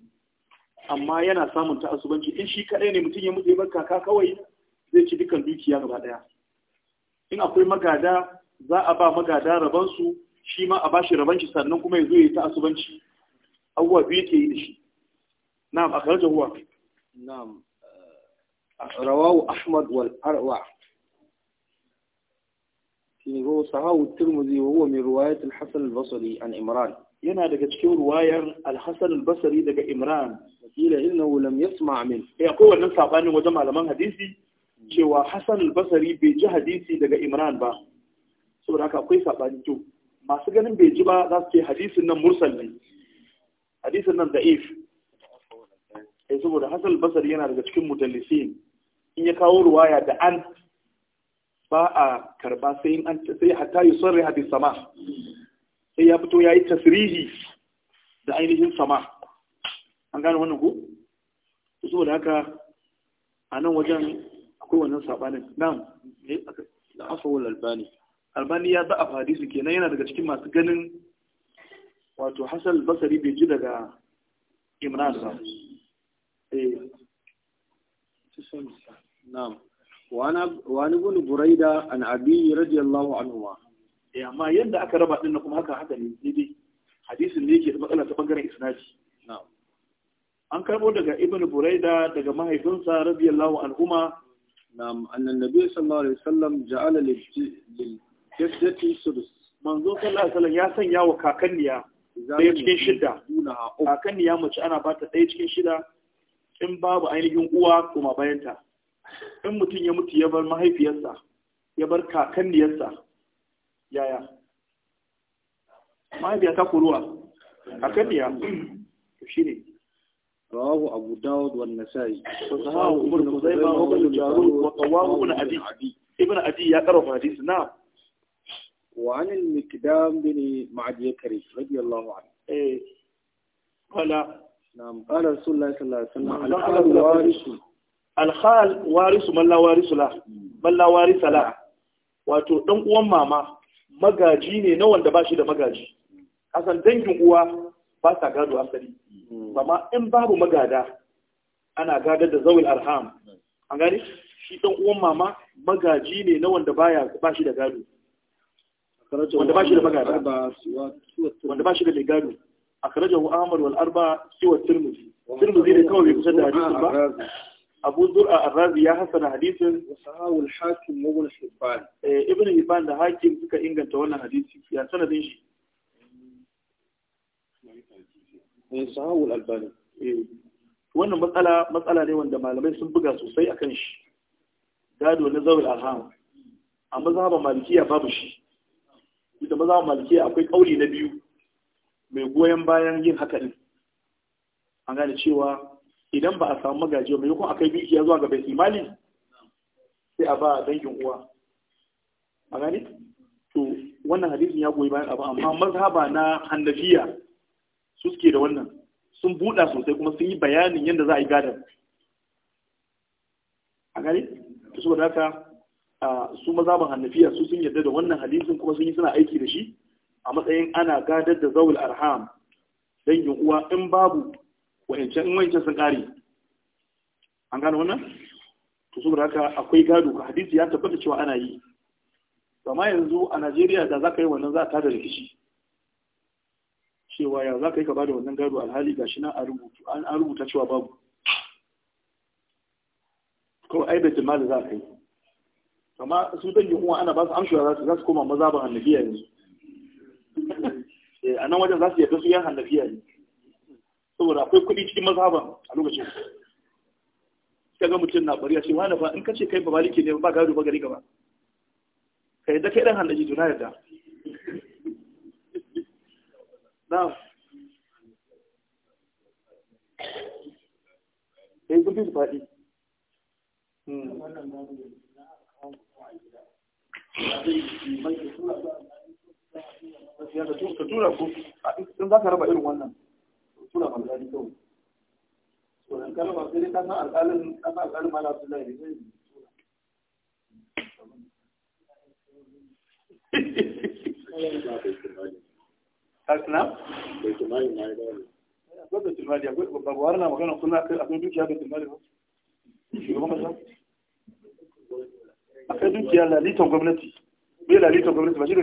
[SPEAKER 1] amma yana samun ta'asubanci in shi kaɗai ne mutum ya mutu ya bar kaka kawai zai ci dukkan dukiya gaba daya in akwai magada za a ba magada rabansu shi ma a bashi raban shi sannan kuma ya zo ya ta asubanci abubuwa biyu ke yi da shi na'am a karjar jahuwa na'am rawawu ahmad wal arwa wa sahahu tirmidhi wa huwa wa riwayat al-hasan al Basari an imran yana daga cikin ruwayar al-hasan al-basri daga imran kila innahu wulam ya suma amin eh, akwai wannan sabanin wajen malaman hadisi cewa Hassan al-Basri bai ji hadisi daga Imran ba saboda haka akwai sabani to masu ganin bai ji ba za su ce hadisin nan mursal ne hadisin nan da'if sai eh, saboda Hassan al-Basri yana daga cikin mudallisin in ya kawo ruwaya da an ba a karba sai an sai hatta yusarri hadis sama sai ya fito yayi tasrihi da ainihin sama an gane wannan ku? saboda haka a nan wajen kowane sabanin na'am eh albani albani ya a hadisi kenan yana daga cikin masu ganin wato hasal basari bai ji daga imran ba wani eh. na'am burai da an بريدة عن ابي amma yadda aka raba na kuma haka haka ne daidai hadisin ne ke da matsala ta bangaren isnaci an karbo daga ibn buraida daga mahaifinsa radiyallahu anhuma نعم أن manzo sallallahu alaihi ya sanya wa kakanniya ɗaya cikin shida kakanniya mace ana ba ta ɗaya cikin shida in babu ainihin uwa kuma bayanta in mutum ya mutu ya bar mahaifiyarsa ya bar kakanniyarsa yaya mahaifiya ta kuruwa kakanniya to shine رواه أبو داود والنسائي وصحاه ابن خزيمة وابن جارود وقواه ابن أبي ابن أبي يقرأ حديث نعم وعن المقدام بن معد يكري رضي الله عنه إيه قال نعم قال رسول الله صلى الله عليه وسلم الخال وارث الخال وارث من لا وارث له من لا وارث له wato dan uwan mama magaji ne na wanda ba shi da magaji kasan dangin uwa ba sa gado asali amma in babu magada ana gadar da zawil arham an gani shi dan uwan mama magaji ne na wanda baya ba shi da gado wanda ba shi da magada wanda ba shi da mai gado wa Ahmad wal Arba siwa Tirmidhi Tirmidhi ne kawai bai kusa da hadisin ba Abu Zur'a Arrazi ya hasana hadisin wa hakim wa Ibn Hibban eh, Ibn Hibban da Hakim suka inganta wannan hadisi ya sanadin shi Eh, sahawul albani eh, wannan matsala matsala ne wanda malamai sun buga sosai akan shi gado na zawul arham a mazhaban malikiya babu shi ita mazhaban malikiya akwai kauli na biyu mai goyon bayan yin haka din an gane cewa idan ba a samu magaji mai yakon akai dukiya zuwa ga bai imani sai a ba dangin uwa a gane to wannan hadisin ya goyi bayan abu amma mazhaba na hannafiya su suke da wannan sun buɗa sosai kuma sun yi bayanin yadda za a yi gadon a gani ta su wadata su mazaban hannafiya su sun yarda da wannan hadisin kuma sun yi suna aiki da shi a matsayin ana gadar da zawul arham dangin uwa in babu wayancan in wayancan sun kare an gane wannan to da haka akwai gado ka hadisi ya tabbata cewa ana yi amma yanzu a Najeriya da za ka yi wannan za a tada rikici cewa ya za ka yi ka bada da wannan gado alhali ga shi nan an rubuta cewa babu ko ai baitul da za ka yi amma su dangi kuma ana ba su amshuwa za su koma maza ba hannabiya ne eh, a nan wajen za su yarda su yan hannabiya ne saboda akwai kuɗi cikin ba a lokacin ka ga mutum na bari a ce wani ba in ka ce kai ba maliki ne ba gado ba gari gaba ka yadda kai dan hannaji to na yarda na'am eh sun faɗi hmm. ka tura za ka raba irin wannan tura kawai ba sai san alƙalin san alƙalin na? bai tumari na ya dawo akwai na magana kuna dukiya bai tumari ba shugaban kasa akwai dukiya lalitan gwamnati bai lalitan gwamnati ba shi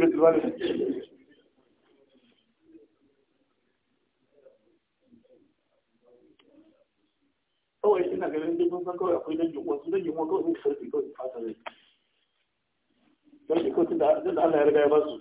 [SPEAKER 1] kawai ina ganin kawai akwai kawai sarfi kawai fata kawai Allah ya riga ya ba su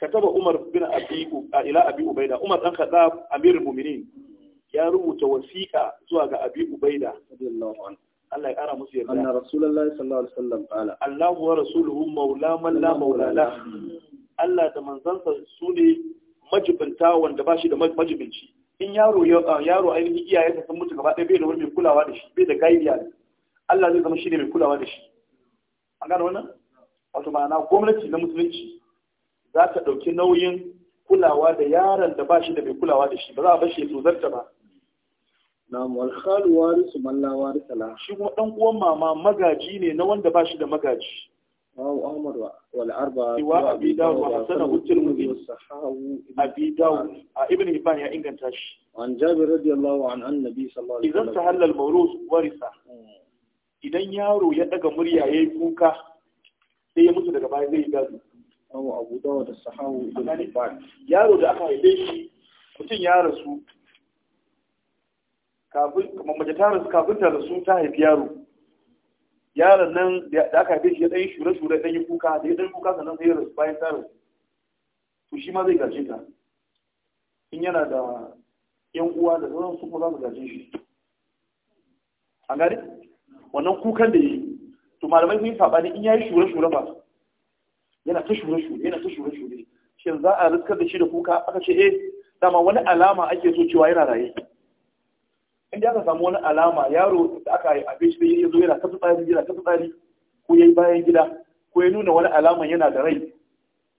[SPEAKER 1] kataba Umar bin Abi ila Abi Ubaida Umar dan Khattab Amirul Mu'minin ya rubuta wasiƙa zuwa ga Abi Ubaida radiyallahu Allah ya ƙara musu yarda anna rasulullahi sallallahu alaihi wasallam qala Allahu rasuluhu maula man maula Allah da manzansa su ne majibinta wanda ba shi da majibinci in yaro yaro ainihin iyayensa sun mutu gaba ɗaya bai da wani mai kulawa da shi bai da gaidiya Allah zai zama shi ne mai kulawa da shi an gane wannan wato ma'ana gwamnati na musulunci za ta ɗauki nauyin kulawa da yaron da ba shi da mai kulawa da shi ba za a bashi shi tozarta ba Na wal su warisu man la shi kuma dan uwan mama magaji ne na wanda ba shi da magaji wa Ahmad wal arba wa a Dawud wa Hasan al-Tirmidhi Abi Dawud a Ibn Hibban ya inganta shi an Jabir radiyallahu an annabi sallallahu alaihi wasallam idan tahalla al-mawrus warisa hmm. idan yaro ya ɗaga murya yi kuka sai ya mutu daga baya zai gado abu abu da wata sahawu da nufan yaro da aka haife shi mutum ya rasu kafin mace ta rasu kafin ta rasu ta haifi yaro yaron nan da aka haife shi ya ɗan shure shure ɗan yi kuka da ya ɗan kuka sannan sai rasu bayan ta rasu to shi ma zai gaje ta in yana da yan uwa da sauran su kuma za su gaje shi a gani wannan kukan da ya yi to malamai sun yi saɓani in ya yi shure shure ba yana ta shure shure yana ta shure shure shin za a riskar da shi da kuka aka ce eh dama wani alama ake so cewa yana raye in aka samu wani alama yaro da aka yi abin shi ya zo yana ta tsari yana ta tsari ko yayi bayan gida ko ya nuna wani alama yana da rai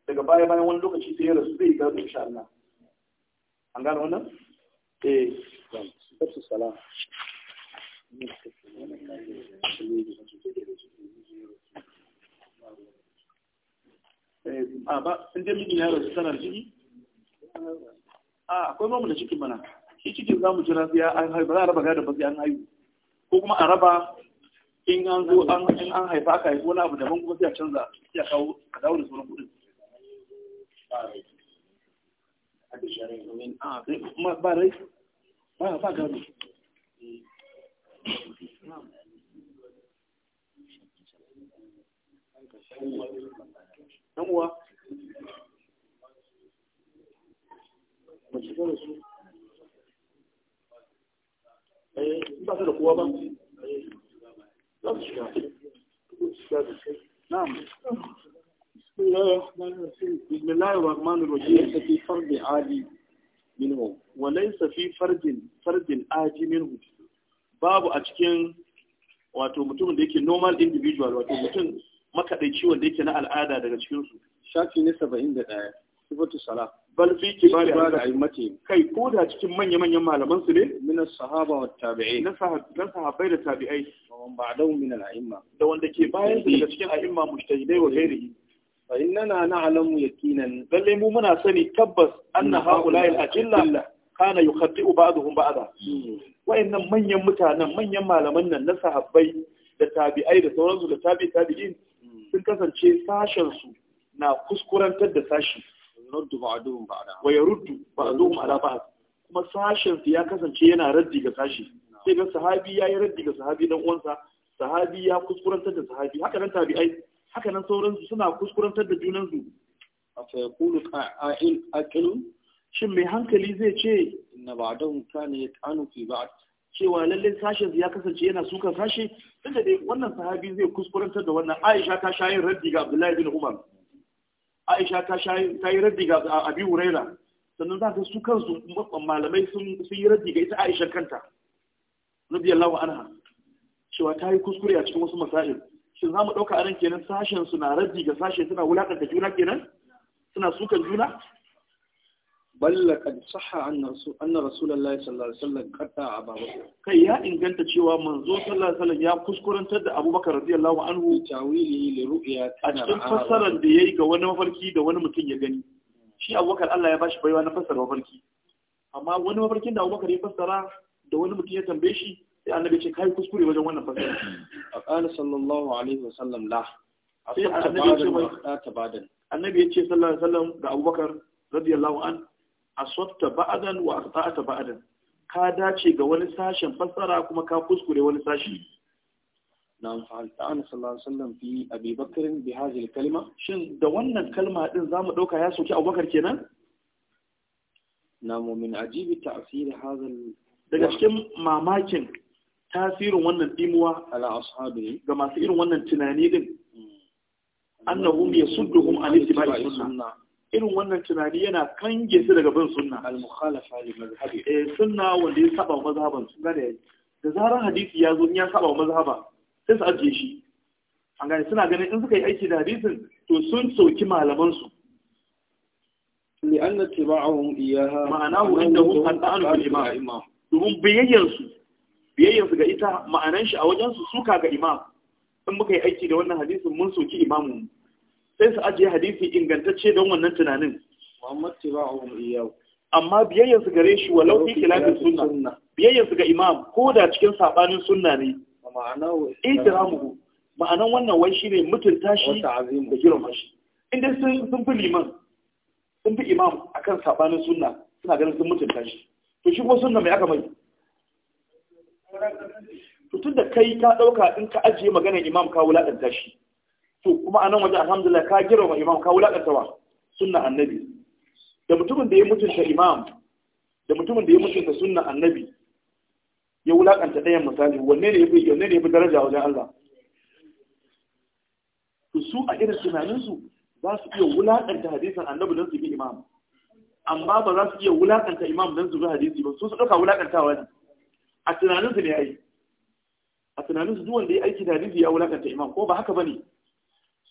[SPEAKER 1] daga baya bayan wani lokaci sai ya rasu zai ga insha Allah an gano wannan eh sallallahu alaihi wasallam Eh, a ba in ya rasu ciki a akwai mamu da cikin mana shi a raba ba sai an haihu ko kuma a raba in an haifa aka haifa wani abu daban kuma sai a canza sai a kawo a dawo da sauran kuɗin ba Thank you. dan uwa ba shiga su eh ba su da kowa ba za su shiga na'am بسم الله الرحمن الرحيم في فرد عادي منه وليس في فرد فرد عادي منه babu a cikin wato mutumin da yake normal individual wato mutum makaɗaici wanda yake na al'ada daga cikinsu. Shafi ne saba'in da ɗaya, sifatu sala. Bal fi kibari da aimati. Kai ko da cikin manya-manyan malaman su ne? as sahaba wa tabi'i Na sahabai da tabi'ai. Wan ba da min aimma Da wanda ke bayan su daga cikin a'imma mujtahidai wa ghairihi. Fa innana na'lamu yaqinan. balle mu muna sani tabbas anna ha'ula'il ajilla kana yukhati'u ba'dhum ba'da. Hmm. Wa'annan manyan mutanen manyan malaman nan na sahabbai da tabi'ai da sauransu da tabi'i tabi'in sun kasance sashensu na kuskurantar da sashi wa ya ruddu zuwa ala ba kuma sashen su ya kasance yana raddi ga sashi sai ga sahabi ya yi raddi ga sahabi dan uwansa sahabi ya kuskurantar da sahabi haka nan tabi'ai haka nan suna kuskurantar da junan su fa yaqulu qa'il aqil shin mai hankali zai ce inna kane ya yat'anu fi ba'd cewa lallai sashen ya kasance yana sukan sashe tun da dai wannan sahabi zai kuskurantar da wannan Aisha ta sha yin raddi ga Abdullahi bin Umar Aisha ta sha ta yi raddi ga Abi Huraira sannan za ka su kansu malamai sun yi raddi ga ita Aisha kanta radiyallahu anha cewa ta yi kuskure a cikin wasu masail shin za mu ɗauka a kenan sashen suna raddi ga sashe suna wulakanta juna kenan suna sukan juna balla kad saha, anna rasul anna sallallahu alaihi wasallam a ababakar kai ya inganta cewa manzo sallallahu alaihi wasallam ya kuskurantar da abubakar radiyallahu anhu tawili li ru'ya a cikin fassarar da yayi ga wani mafarki da wani mutum ya gani shi abubakar Allah ya bashi baiwa na fassara mafarki amma wani mafarkin da abubakar ya fassara da wani mutum ya tambaye shi sai annabi ya ce kai kuskure wajen wannan fassara qala sallallahu alaihi wasallam la
[SPEAKER 2] sai annabi
[SPEAKER 1] ya ce sallallahu alaihi wasallam ga abubakar radiyallahu anhu asotta ba'adan wa akhta'ata ba'adan ka dace ga wani sashen fassara kuma ka kuskure wani sashi na fa'alta an sallallahu alaihi wasallam fi abi bakrin bi hadhihi kalima shin da wannan kalma din zamu dauka ya soki abubakar kenan na mu'min ajibi ta'sir hadha daga cikin mamakin tasirin wannan dimuwa ala ashabi ga masu irin wannan tunani din hmm. annahum yasudduhum an ittiba'i sunnah irin wannan tunani yana kange su daga bin sunna al-mukhalafa li mazhabi eh sunna wanda ya saba mazhaban su gane da zaran hadisi ya zo ya saba mazhaba sai su ajiye shi an gane suna ganin in suka yi aiki da hadisin to sun soki malaman su li'anna tiba'ahum iyaha ma'anahu imam domin biyayyar su biyayyar su ga ita ma'anan shi a wajen su suka ga imam in muka yi aiki da wannan hadisin mun soki mu. sai su ajiye hadisi ingantacce don wannan tunanin Muhammad tibahum iyahu amma biyayyar su gare shi walau fi kilafin sunna biyayyar su ga imam ko da cikin sabanin sunna ne ma'anahu ikramuhu wannan wai shine mutunta shi da girma shi inda sun sun fi liman sun fi imam akan sabanin sunna suna ganin sun mutunta shi to shi ko sunna mai aka mai to da kai ka ɗauka in ka ajiye maganar imam ka wulakanta shi to kuma anan waje alhamdulillah ka girma imam ka wulakanta wa sunna annabi da mutumin da ya mutunta imam da mutumin da ya mutunta sunna annabi ya wulakanta ɗayan misali wanne ne yafi wanne ne yafi daraja wajen Allah to su a irin tunaninsu za su iya wulakanta hadisin annabi don su bi imam amma ba za su iya wulakanta imam don su bi hadisi ba su su ɗauka wulakantawa ne a tunaninsu ne ya yi a tunaninsu duk wanda ya aiki da hadisi ya wulakanta imam ko ba haka ba ne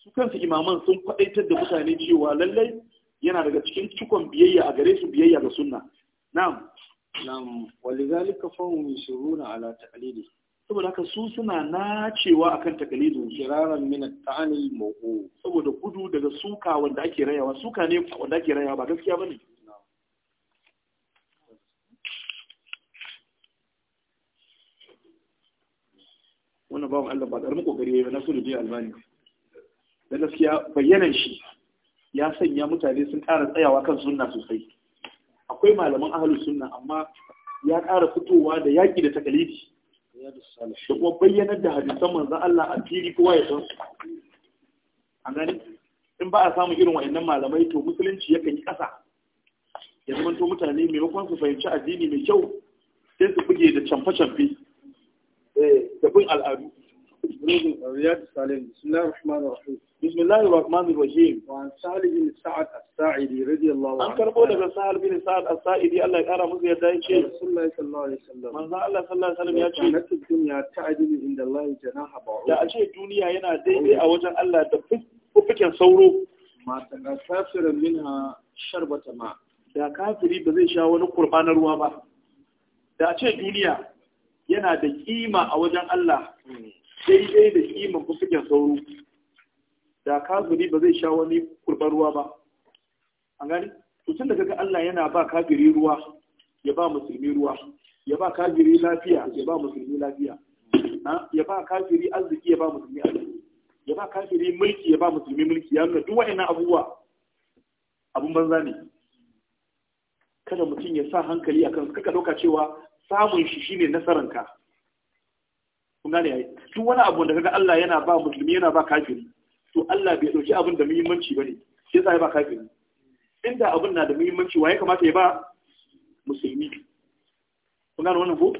[SPEAKER 1] su kansu imaman sun faɗaitar da mutane cewa lallai yana daga cikin cikon biyayya a gare su biyayya ga sunna na'am na'am walizalika fahum na ala taqlidi saboda haka su suna cewa akan taqlidu kiraran min at-ta'an saboda gudu daga suka wanda ake rayawa suka ne wanda ake rayawa ba gaskiya bane wannan mu Allah ba ƙaramin kokari ya yi na su da albani da gaskiya bayyanan shi ya sanya mutane sun ƙara tsayawa kan sunna sosai akwai malaman ahalu sunna amma ya ƙara fitowa da yaƙi da takalidi da kuma bayyanar da hadisan manzo Allah a fili kowa ya san an gani in ba a samun irin wa'annan malamai to musulunci yakan yi ƙasa ya zama to mutane maimakon su fahimci addini mai kyau sai su buge da camfe canfe eh, da bin al'adu رياض الصالحين بسم الله الرحمن الرحيم بسم الله الرحمن الرحيم وعن سهل بن سعد الساعدي رضي الله عنه عن كربو لك سهل بن سعد الساعدي الله يقرا مزي يداي شيء رسول الله صلى الله عليه وسلم من الله صلى الله عليه وسلم يا شيء نت الدنيا تعدل عند الله جناح بعوض da ashe duniya yana daidai a wajen Allah da fufukin sauro ma ta kafirin minha sharbata ma da kafiri ba zai sha wani kurba na ruwa ba da a ce duniya yana da kima a wajen Allah daidai da ku suke sauro da kafiri ba zai sha wani kurban ruwa ba an gani to tun da kaga Allah yana ba kafiri ruwa ya ba musulmi ruwa ya ba kafiri lafiya ya ba musulmi lafiya ya ba kafiri arziki ya ba musulmi arziki ya ba kafiri mulki ya ba musulmi mulki ya nuna duk wa'annan abubuwa abun banza ne kada mutum ya sa hankali akan kaka doka cewa samun shi shine nasaranka kuna gane yayi duk wani abu da kaga Allah yana ba musulmi yana ba kafiri to Allah bai dauki abin da muhimmanci bane sai sai ba kafiri inda abin na da muhimmanci waye kamata ya ba musulmi kun gane wannan ko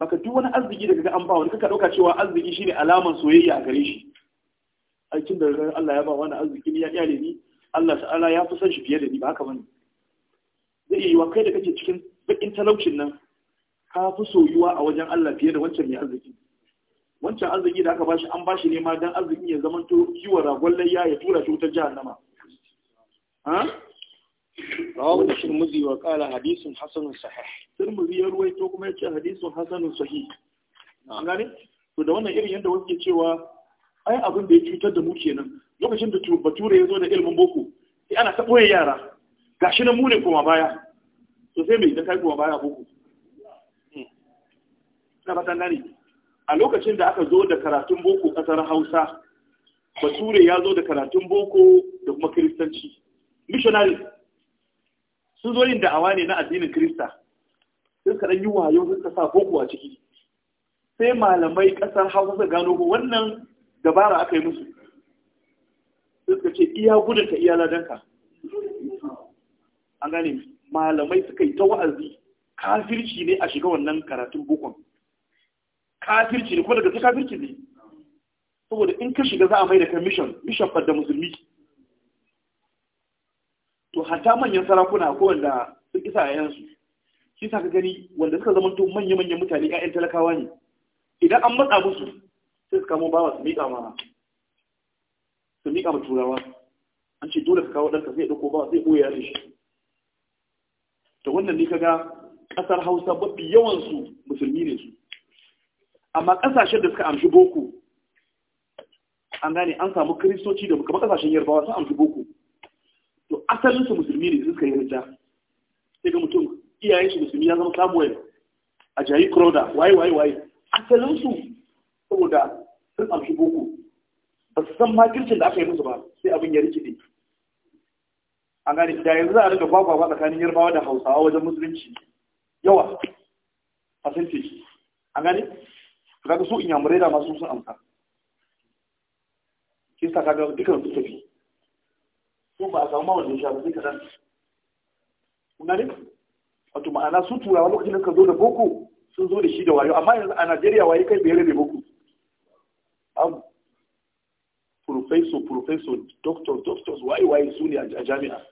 [SPEAKER 1] haka duk wani arziki da kaga an ba wani kaka dauka cewa arziki shine alaman soyayya a gare shi aikin da Allah ya ba wani arziki ne ya iyale ni Allah ta'ala ya fi son shi fiye da ni ba haka bane zai yi wa kai da kake cikin bakin talaucin nan ka fi soyuwa a wajen Allah fiye da wancan mai arziki wancan arziki da aka bashi an bashi ne ma dan arziki ya zama to kiwon ragon layya ya tura shi wutar jahannama ha rawu da muzi wa qala hadithun hasanun sahih muzi ya ruwaito kuma yace hadithun hasanun sahih an gane to da wannan irin yadda wasu cewa ai abin da ya cutar da mu kenan lokacin da bature ya zo da ilimin boko sai ana ta boye yara gashi nan mu ne kuma baya to sai mai da kai kuma baya boko hmm. na fatan gane a lokacin da aka zo da karatun boko kasar hausa bature ya zo da karatun boko da kuma kiristanci missionary sun zo yin da'awa ne na addinin kirista sun suka ɗan yi wayo ka sa boko a ciki sai malamai kasar hausa sun gano ko wannan dabara aka yi musu ka ce iya gudun ka iya ladanka an gane malamai suka yi ta wa'azi kafirci ne a shiga wannan karatun bukon kafirci ne ko daga ta kafirci ne saboda in ka shiga za a mai da kan mishan mission fadda musulmi to hatta manyan sarakuna ko wanda sun isa a yansu shi sa ka gani wanda suka zama to manya-manyan mutane 'ya'yan talakawa ne idan an matsa musu sai su kamo bawa su miƙa ma su miƙa ma turawa an ce dole ka kawo ɗanka sai ɗauko bawa sai ɓoye yare shi to wannan ne kaga ƙasar hausa babbi yawansu musulmi ne su amma ƙasashen da suka amshi boko an gane an samu kristoci da kuma kasashen yarbawa sun amshi boko to asalin su musulmi ne suka yi rija sai ga mutum iyayen shi musulmi ya zama samuel a jayi crowder waye waye waye asalin su saboda sun amshi boko ba su san makircin da aka yi musu ba sai abin ya rikide an gane da yanzu za a riga gwagwagwa tsakanin yarbawa da hausawa wajen musulunci yawa a sun an gane to kaga su inyamurai da masu sun amsa shi sa kaga duka su tafi Ko ba a samu mawar da shafi sai kaɗan kuna ne wato ma'ana su turawa lokacin da ka zo da boko sun zo da shi da wayo amma yanzu a najeriya waye kai bai rabe boko abu professor professor doctor doctors waye waye su ne a jami'a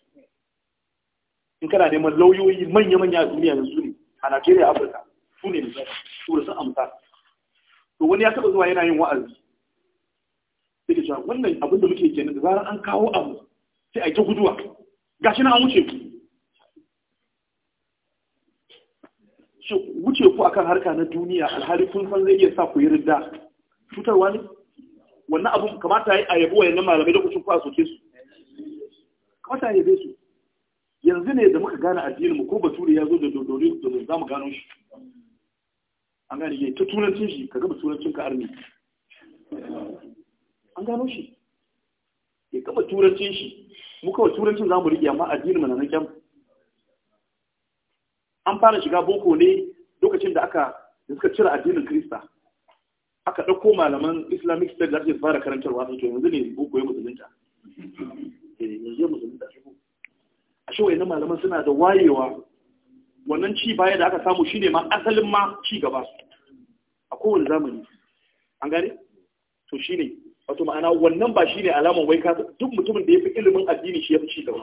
[SPEAKER 1] in kana neman lauyoyi manya-manya a duniya yanzu ne a najeriya afirka su ne da su sun amsa to wani ya taba zuwa yana yin wa'azi sai ke cewa wannan abin da muke kenan da zarar an kawo abu sai a ta guduwa shi na an wuce ku shi wuce ku akan harka na duniya alhali kun san zai iya sa ku yi ridda cutarwa ne wannan abun kamata yi a yabo wayannan malamai da kucin ku a soke su kamata ya yabe su yanzu ne da muka gane addinin mu ko bature ya zo da dodori da za mu gano shi an gane ne ta tunancin shi ka gaba turancin ka arni an gano shi ya gaba turancin shi mu kawai turancin za mu riƙe amma addinin mu na nan kyan an fara shiga boko ne lokacin da aka da suka cire addinin krista aka ɗauko malaman islamic state da ake fara karantarwa su to yanzu ne boko ya musulunta eh, yanzu ya musulunta a shi wayannan malaman suna da wayewa wannan ci baya da aka samu shine ma asalin ma ci gaba a kowane zamani an gane to shine wato ma'ana wannan ba shine alaman wai ka duk mutumin da yafi ilimin addini shi yafi ci gaba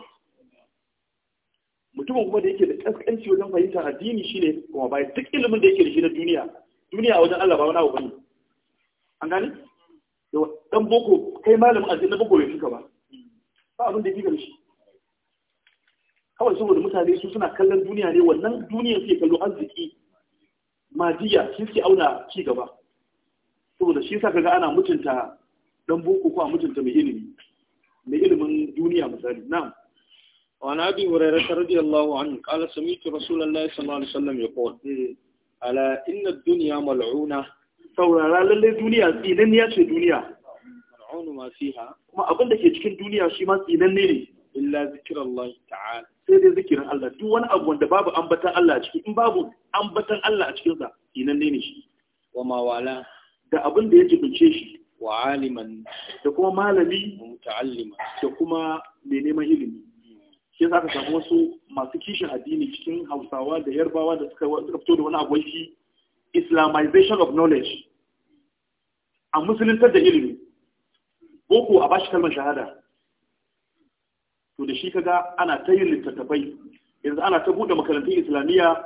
[SPEAKER 1] mutumin kuma da yake da kaskanci wajen fahimtar addini shine kuma baya duk ilimin da yake da shi na duniya duniya wajen Allah ba wani abu bane an gane dan boko kai malamin addini na boko bai fika ba ba abin da yake da shi kawai saboda mutane su suna kallon duniya ne wannan duniya suke kallon arziki majiya shi suke auna ci gaba saboda shi sa kaga ana mutunta dan boko ko a mutunta mai ilimi mai ilimin duniya misali na'am Wa أبي هريرة رضي الله عنه قال سمعت رسول الله صلى الله عليه وسلم يقول Ala إن duniya ملعونة saurara lalle duniya ya ce duniya mal'unu ma fiha kuma abin da ke cikin duniya shi ma tsinanne ne illa zikrullah ta'ala sai dai zikirin Allah duk wani abu wanda babu ambatan Allah a ciki in babu ambatan Allah a cikinsa inan ne shi wa mawala da abin da ya jibince shi wa aliman da kuma malami muta'allima da kuma mai neman ilimi shi za ka samu wasu masu kishin addini cikin Hausawa da Yarbawa da suka fito da wani abu shi Islamization of knowledge a musulunta da ilimi boko a bashi kalmar shahada to da shi kaga ana ta yin littattafai yanzu ana ta buɗe makarantun islamiyya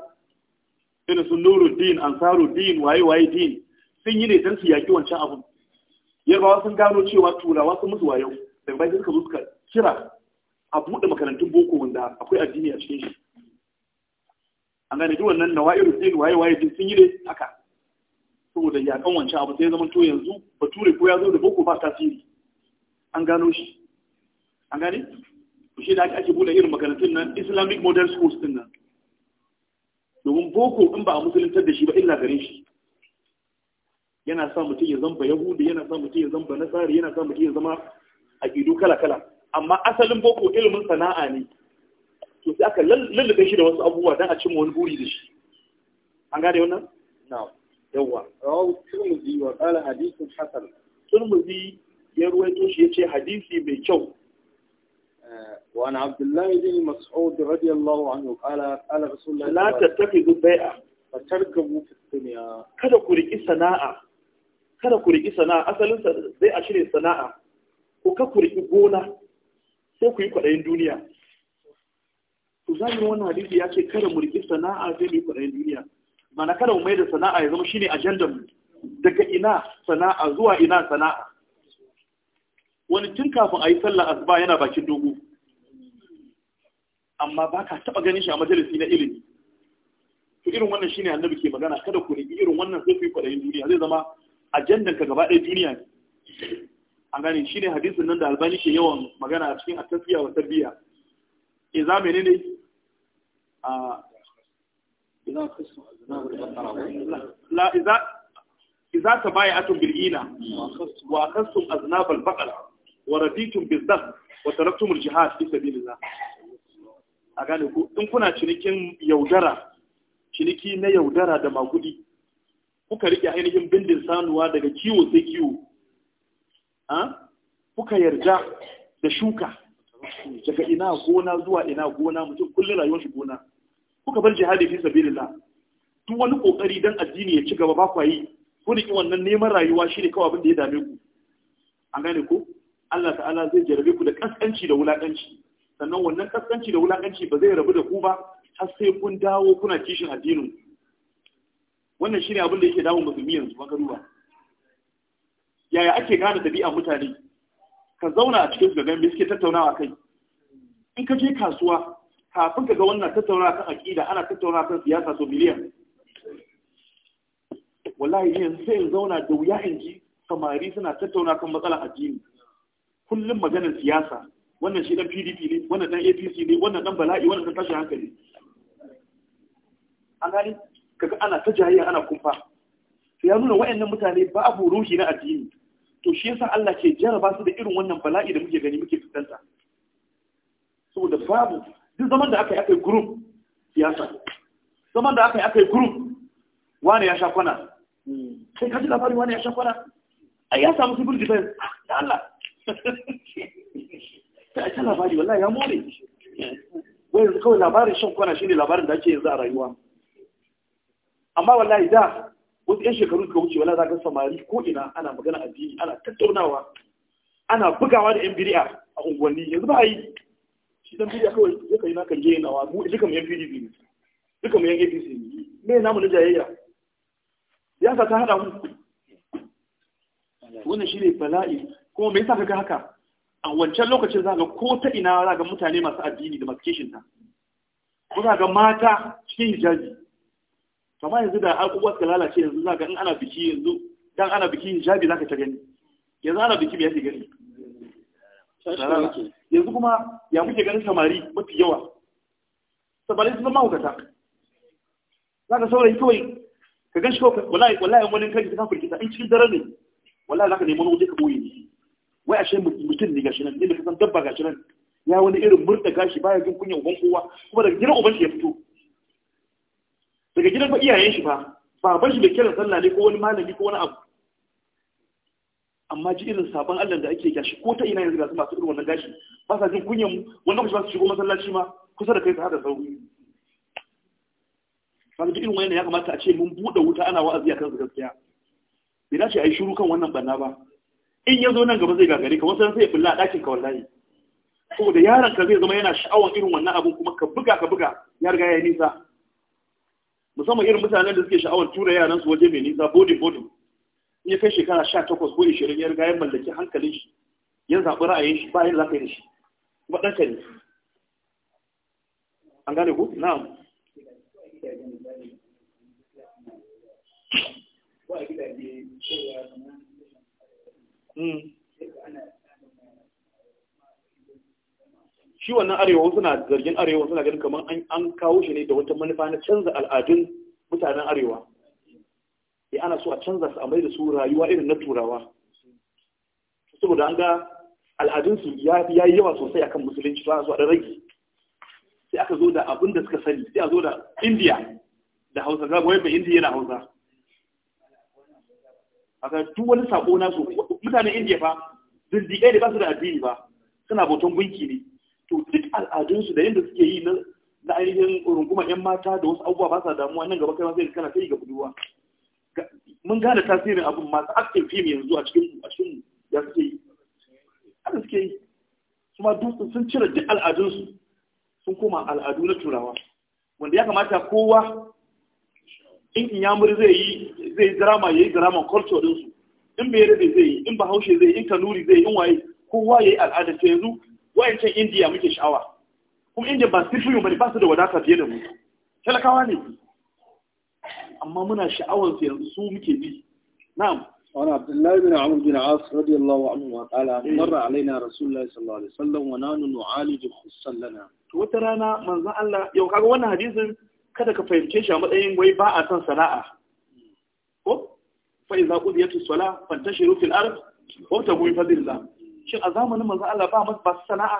[SPEAKER 1] irin su nuruddin ansaruddin waye waye din sun yi ne don su yaƙi wancan abu. yarbawa sun gano cewa turawa sun musu wayo daga bai suka zo suka kira a buɗe makarantun boko wanda akwai addini a cikin shi an gane duk wannan nawairuddin waye waye din sun yi ne haka saboda yakan wancan abu sai zaman to yanzu bature ko ya zo da boko ba tasiri an gano shi an gane shi da ake bude irin makarantun nan islamic modern schools din nan domin boko in ba a musuluntar da shi ba illa garin shi yana sa mutum ya zamba yahudi yana sa mutum ya zamba nasari yana sa mutum ya zama aƙidu kala-kala amma asalin boko ilimin sana'a ne to sai aka lallaka shi da wasu abubuwa don a cimma wani buri da shi an gane wannan na'am yawwa rawu turmuzi wa qala hadithun hasan turmuzi ya ruwaito shi yace hadisi mai kyau وعن عبد الله بن مسعود رضي الله عنه قال قال رسول الله لا تتخذوا بيعة فتركبوا في الدنيا kada ku riki sana'a kada ku riki sana'a asalin sai a shirye sana'a ko ka ku riki gona sai ku yi kwaɗayin duniya to wannan hadisi ya ce kada mu riki sana'a sai mu yi kwaɗayin duniya mana kada mu mai da sana'a ya zama shine ajandar mu daga ina sana'a zuwa ina sana'a wani tun kafin a yi sallar asuba yana bakin dogo amma ba ka taɓa ganin shi a majalisi na ilimi to irin wannan shine annabi ke magana kada ku rigi irin wannan sai ku yi kwaɗayin duniya zai zama ajandan ka gaba ɗaya duniya ne an gane shine hadisin nan da albani ke yawan magana a cikin atafiya wa tarbiya e za mene ne a la iza iza atun bil'ina wa akhastum aznab al-baqara wa raditum bizzah wa taraktumul jihad fi sabilillah a gane ku in kuna cinikin yaudara ciniki na yaudara da magudi kuka rike ainihin bindin sanuwa daga kiwo sai kiwo kuka yarda da shuka daga ina gona zuwa ina gona mutum kullum rayuwar shi gona kuka bar jihadi fi sabilillah Tun wani kokari dan addini ya ci gaba ba ku yi ko wannan neman rayuwa shi ne kawai abin da ya dame ku an gane ko Allah ta'ala zai jarabe ku da kaskanci da wulakanci sannan wannan kaskanci da wulakanci ba zai rabu da ku ba har sai kun dawo kuna kishin addinin wannan shine abin da yake dawo musulmi yanzu ba duba yaya ake gane dabi'a mutane ka zauna a cikin gagan me suke tattaunawa kai in ka je kasuwa kafin ka ga wannan tattaunawa kan aqida ana tattaunawa kan siyasa so miliyan wallahi yanzu sai in zauna da wuya in ji samari suna tattauna kan matsalar addini kullum maganar siyasa wannan shi dan PDP ne wannan dan APC ne wannan dan bala'i wannan dan tashin hankali an gani kaga ana ta jayayya ana kumfa to ya nuna wayannan mutane ba abu ruhi na addini to shi yasa Allah ke jaraba su da irin wannan bala'i da muke gani muke fitanta. saboda babu duk zaman da aka yi aka yi group siyasa zaman da aka yi aka yi group wani ya sha kwana sai ka ji labari wani ya sha kwana ai ya samu civil defense ah, Allah ta labari wallahi ya more wai yanzu kawai labarin shan kwana shine labarin da ake yanzu a rayuwa amma wallahi da wasu yan shekaru da wuce wala za zaka samari ko ina ana magana addini ana tattaunawa ana bugawa da yan bid'a a unguwanni yanzu ba yi shi dan bid'a kawai ya kai na kan yayin nawa mu duka mu yan PDP ne duka mu yan APC ne me namu na jayayya siyasa ta hada mu wannan shi ne bala'i kuma me yasa ga haka a wancan lokacin za ga ko ta ina za ga mutane masu addini da masu kishin ta ko za ga mata cikin hijabi kamar yanzu da abubuwa suka lalace yanzu za ga in ana biki yanzu dan ana biki hijabi za ka ta gani yanzu ana biki me ke gani yanzu kuma ya muke ganin samari mafi yawa samari sun zama hukata za ka saurayi kawai ka gan shi kawai wallahi wani kaji ta kafin kita in cikin dare ne wallahi za ka nemi wani waje ka boye ne wai ashe mutum ne gashi nan ne da kasan dabba gashi nan ya wani irin murda gashi baya jin kunya uban kowa kuma daga gidan uban shi ya fito daga gidan ba iyayen shi ba baban shi bai kiran sallah ne ko wani malami ko wani abu amma ji irin sabon Allah da ake gashi ko ta ina yanzu ga su masu irin wannan gashi ba sa jin kunyan wani lokaci ba su shigo masallaci ma kusa da kai su hada sauri kaga duk irin wannan ya kamata a ce mun bude wuta ana wa'azi akan su gaskiya bai dace a yi shiru kan wannan banna ba in ya zo nan gaba zai gagare ka wasu sai ya bulla ɗakin ka wallahi saboda yaron ka zai zama yana sha'awar irin wannan abun kuma ka buga ka buga ya riga ya nisa musamman irin mutanen da suke sha'awar tura yaran su waje mai nisa bodi bodi in ya kai shekara sha takwas ko ishirin ya riga ya mallaki hankalin shi ya zaɓi ra'ayin shi bayan za ka yi da shi ba ɗanka ne an gane ku na'am Wa gidaje cewa Mm. shi wannan arewa suna zargin arewa suna ganin kamar an kawo shi ne da wata manufa na canza al'adun mutanen arewa ya ana so a canza su a mai da su rayuwa irin na turawa saboda an ga al'adunsu ya yi yawa sosai akan musulunci to a zo a rage sai aka zo da abin da suka sani sai a zo da indiya da hausa za mu yabba indiya na hausa aka duk wani sako na su mutanen indiya ba, zindigai da ba su da addini ba suna bautan gunki ne to duk al'adunsu da yadda suke yi na ainihin rungumar yan mata da wasu abubuwa ba sa damuwa nan gaba kai ma sai kana kai ga buduwa mun gane tasirin abin masu active fim yanzu a cikin a cikin ya suke yi haka suke yi sun cire duk al'adunsu sun koma al'adu na turawa wanda ya kamata kowa in in yamuri zai yi zai drama yayi drama culture in bai rabe zai yi in bahaushe zai yi in kanuri zai yi in waye kowa ya yi al'ada ce yanzu wayancan indiya muke sha'awa kuma indiya ba sifiri ne ba su da wadata fiye da mu talakawa ne amma muna sha'awar su yanzu su muke bi na'am وعن عبد الله بن عمرو بن عاص رضي الله عنهما قال مر علينا رسول الله صلى الله عليه وسلم ونحن نعالج خصا لنا wata rana manzon Allah yau kaga wannan hadisin kada ka fahimce shi a matsayin wai ba a son sana'a fa idza qudiyatu sala fantashiru fil ard wa tabu fadillah shin a zamanin manzo Allah ba masu ba sana'a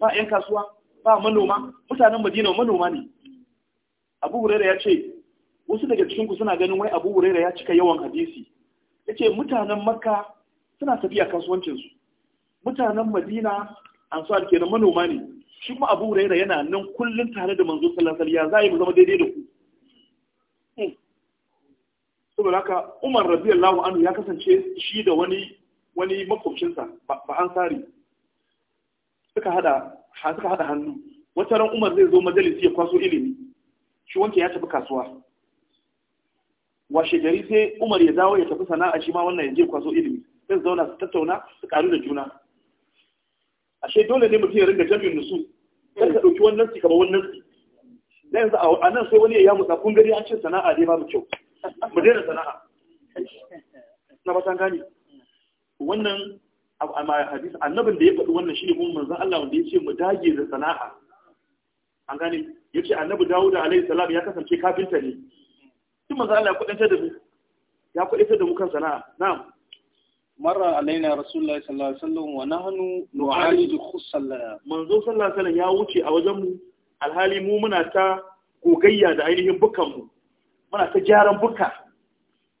[SPEAKER 1] ba yan kasuwa ba manoma mutanen Madina manoma ne Abu Hurairah ya ce wasu daga cikin ku suna ganin wai Abu Hurairah ya cika yawan hadisi yace mutanen Makka suna tafiya kasuwancin su mutanen Madina ansar kenan manoma ne shi kuma Abu Hurairah yana nan kullun tare da manzo sallallahu alaihi wasallam ya zai mu zama daidai da ku hmm. saboda haka umar radiyallahu anhu ya kasance shi da wani wani makwabcinsa ba an sari suka hada suka hada hannu wata ran umar zai zo majalisi ya kwaso ilimi shi wanke ya tafi kasuwa washe gari sai umar ya dawo ya tafi sana'a shi ma wannan ya je kwaso ilimi sai zauna su tattauna su karu da juna ashe dole ne mutum ya ringa jami'in nusu sai ka ɗauki wannan su kama wannan su yanzu a nan sai wani ya yamu kun gari an ce sana'a ne babu kyau mu daina sana'a na ba gane wannan a hadis annabin da ya faɗi wannan shi ne kuma manzan Allah wanda ya ce mu dage da sana'a an gane Ya ce annabi Dawud alaihi salam ya kasance kafinta ne shi manzan Allah ya kudanta da mu ya kudanta da mu kan sana'a na'am Mara alaina rasulullahi sallallahu alaihi wasallam wa nahnu nu'aliju khusalla manzo sallallahu alaihi wasallam ya wuce a wajen mu alhali mu muna ta gogayya da ainihin bukan mu muna ta gyaran buka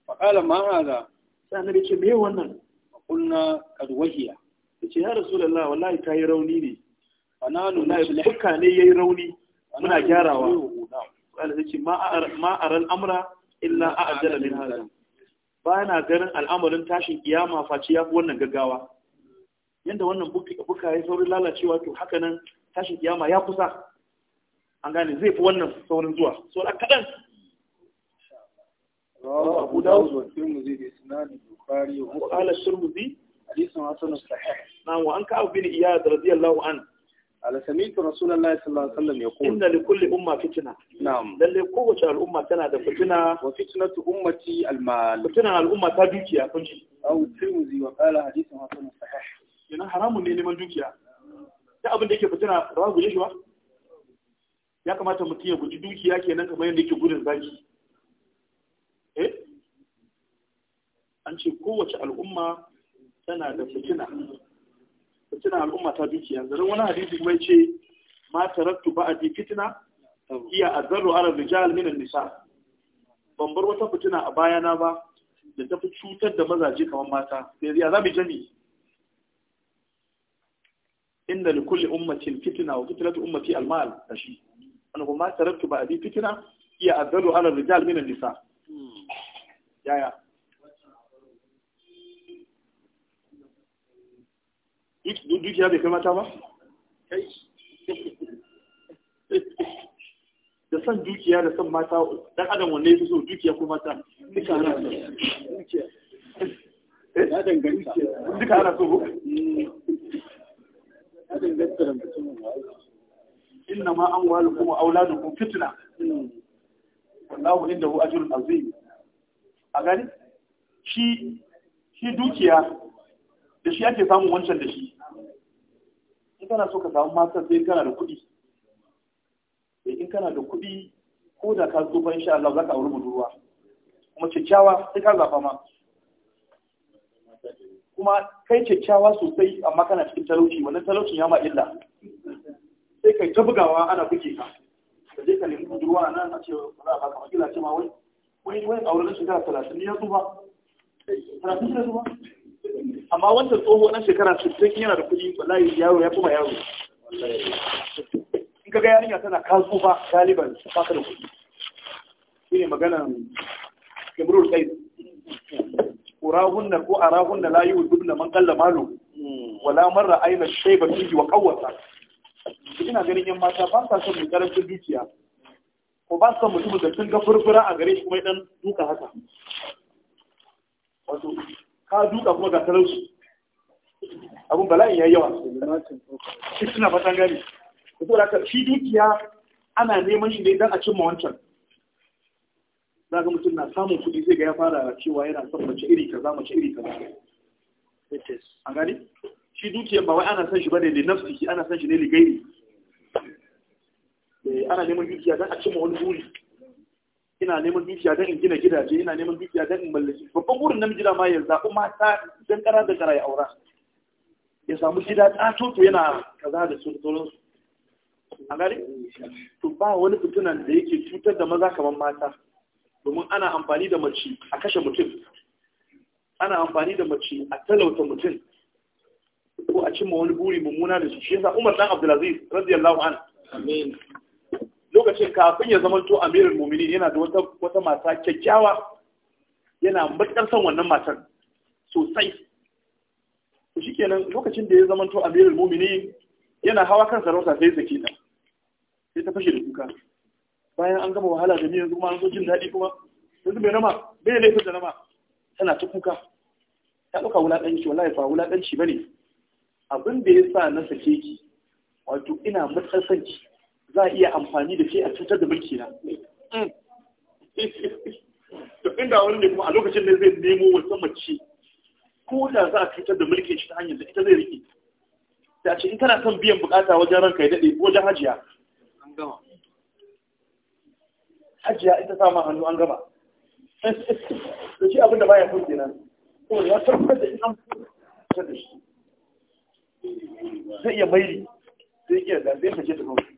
[SPEAKER 1] faƙala ma haza Sa na ce me wannan kunna kad Ta ce ya rasulullah wallahi ta yi rauni ne ananu na buka ne yayi rauni muna gyarawa qala yace ma ma aral amra illa a'jala min hada ba yana ganin al'amarin tashin kiyama face ya fi wannan gaggawa yanda wannan buka ya saurin lalacewa to haka nan tashin kiyama ya kusa an gane zai fi wannan saurin zuwa da kaɗan رواه أبو داود والترمذي بإسناد البخاري وقال الترمذي حديث حسن صحيح نعم وعن كعب بن إياد رضي الله عنه على سمعت رسول الله صلى الله عليه وسلم يقول إن لكل أمة فتنة نعم للي قوة الأمة تنا فتنة وفتنة أمتي المال فتنة الأمة تدوكيا كنجي أو الترمذي وقال حديث حسن صحيح yana haramun ne neman dukiya ta abin da yake fitina ba guje shi ba ya kamata mutum ya guji dukiya kenan kamar yadda yake gudun zaki eh an ce kowace al'umma tana da fitina fitina al'umma ta dukiya da wani hadisi mai ce ma tarattu ba a ji fitina iya azzaru ala rijal minan nisa ban bar wata fitina a bayana ba da ta fi cutar da mazaje kamar mata sai ya zabi jami inda li kulli ummatin fitina wa fitnatu ummati al-mal tashi ana kuma tarattu ba a ji fitina iya azzaru ala rijal minan nisa yaya dukiya bai kai mata ba da san dukiya da san mata dan adam wanne yafi so dukiya ko mata duka ana so dukiya eh? ya danganta duka ana so ko ya danganta da mutum inna ma amwalukum wa auladukum fitna wallahu indahu ajrun azim a gani shi shi dukiya da shi ake samun wancan da shi in kana so ka samu matar sai kana da kuɗi eh, in kana da kuɗi ko da ka zo fa insha Allah za ka auri budurwa kuma kyakkyawa sai ka zafa ma kuma kai kyakkyawa sosai amma kana cikin talauci wani talauci ya ma sai kai ta bugawa ana buge ka ka je ka nemi budurwa nan a ce ba za a baka makila ce ma wai wani wani aure na shekara talatin ya zuba talatin ya zuba amma wancan tsoho na shekara sittin yana da kuɗi wallahi yaro ya kuma yaro in ka ga yarinya tana kasu fa galiban ba ka da kuɗi shine maganan kimrul kai urahunna ko arahunna la yuhibbu man qalla malu wala marra aina shayba fihi wa qawwata ina ganin yan mata ba sa son mai karancin dukiya ko ba sa mutum da sun ga furfura a gare shi kuma dan duka haka wato ka duka kuma ga talauci abun bala'in ya yawa shi suna fatan gani ko da ka shi dukiya ana neman shi ne dan a cimma wancan za ga mutum na samun kuɗi sai ga ya fara cewa yana son mace iri kaza mace iri kaza an gani shi dukiyar ba wai ana son shi bane li nafsihi ana son shi ne li gairi Eh, ana neman dukiya don a cimma wani buri ina neman dukiya don in gina gidaje ina neman dukiya don in mallaki babban burin namiji da ma ya zaɓi mata don ƙara da ƙara ya aura ya samu gida tsato to yana kaza da su a gari to ba wani fitunan da yake cutar da maza kamar mata domin ana amfani da mace a kashe mutum ana amfani da mace a talauta mutum ko a cimma wani buri mummuna da su. shi yasa Umar dan Abdulaziz radiyallahu anhu amin lokacin kafin ya zama to amirul mumini yana da wata wata mata kyakkyawa yana matukar son wannan matan sosai shi kenan, lokacin da ya zama to amirul mumini yana hawa kan sarauta sai saki ta sai ta fashe da kuka bayan an gama wahala da ni yanzu kuma an so jin daɗi kuma yanzu bai nama bai laifin da nama tana ta kuka ta ɗauka wulaɗanci wallahi ba wulaɗanci ba ne abin da ya sa na sake ki wato ina matsar sanki za a iya amfani da ke a cutar da mulki na to inda wani ne kuma a lokacin da zai nemo wata mace ko da za a cutar da mulki shi ta hanyar da ita zai riƙe Da ce in kana son biyan bukata wajen ranka ya daɗe wajen hajiya an gama hajiya ita sama hannu an gama da shi abinda baya kun kenan ko ya tabbatar da ina an da shi zai iya maili zai iya da zai fice da kawai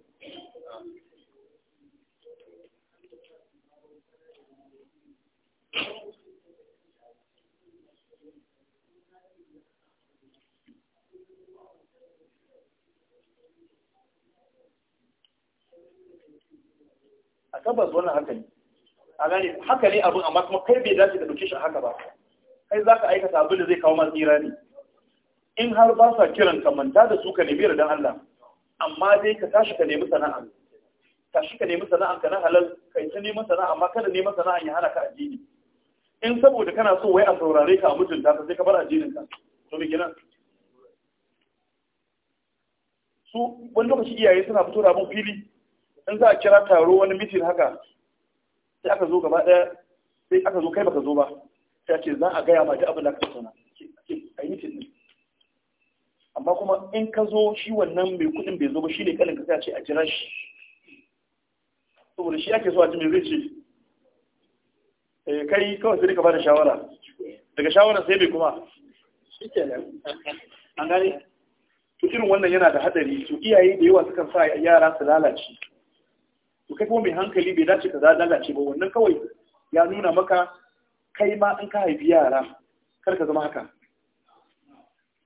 [SPEAKER 1] a tabbas wannan haka ne a gane haka ne abin amma kuma kai bai dace ka dauke shi haka ba kai za ka aikata abin da zai kawo ma tsira ne in har ba sa kiran ka manta da su ka nemi yardan Allah amma dai ka tashi ka nemi sana'a tashi ka nemi sana'a ka na halal kai ta neman sana'a amma kada neman sana'a ya hana ka addini in saboda kana so wai a saurare ka a mutunta ka sai ka bar addinin ka to me kenan su wani lokaci iyaye suna fito da abin fili in za a kira taro wani mitin haka sai aka zo gaba ɗaya sai aka zo kai baka zo ba sai ce za a gaya ma duk abin da ka tattauna a yi mitin din amma kuma in ka zo shi wannan mai kuɗin bai zo ba shi ne kanin ka sai a ce a jira shi saboda shi ake so a ji mai zai ce eh, kai kawai sai ka bada shawara daga shawara sai bai kuma an gane to wannan yana da hadari su iyaye da yawa sukan sa yara su lalace to kai kuma mai hankali bai dace ka za lalace ba wannan kawai ya nuna maka kai ma in ka haifi yara kar ka zama haka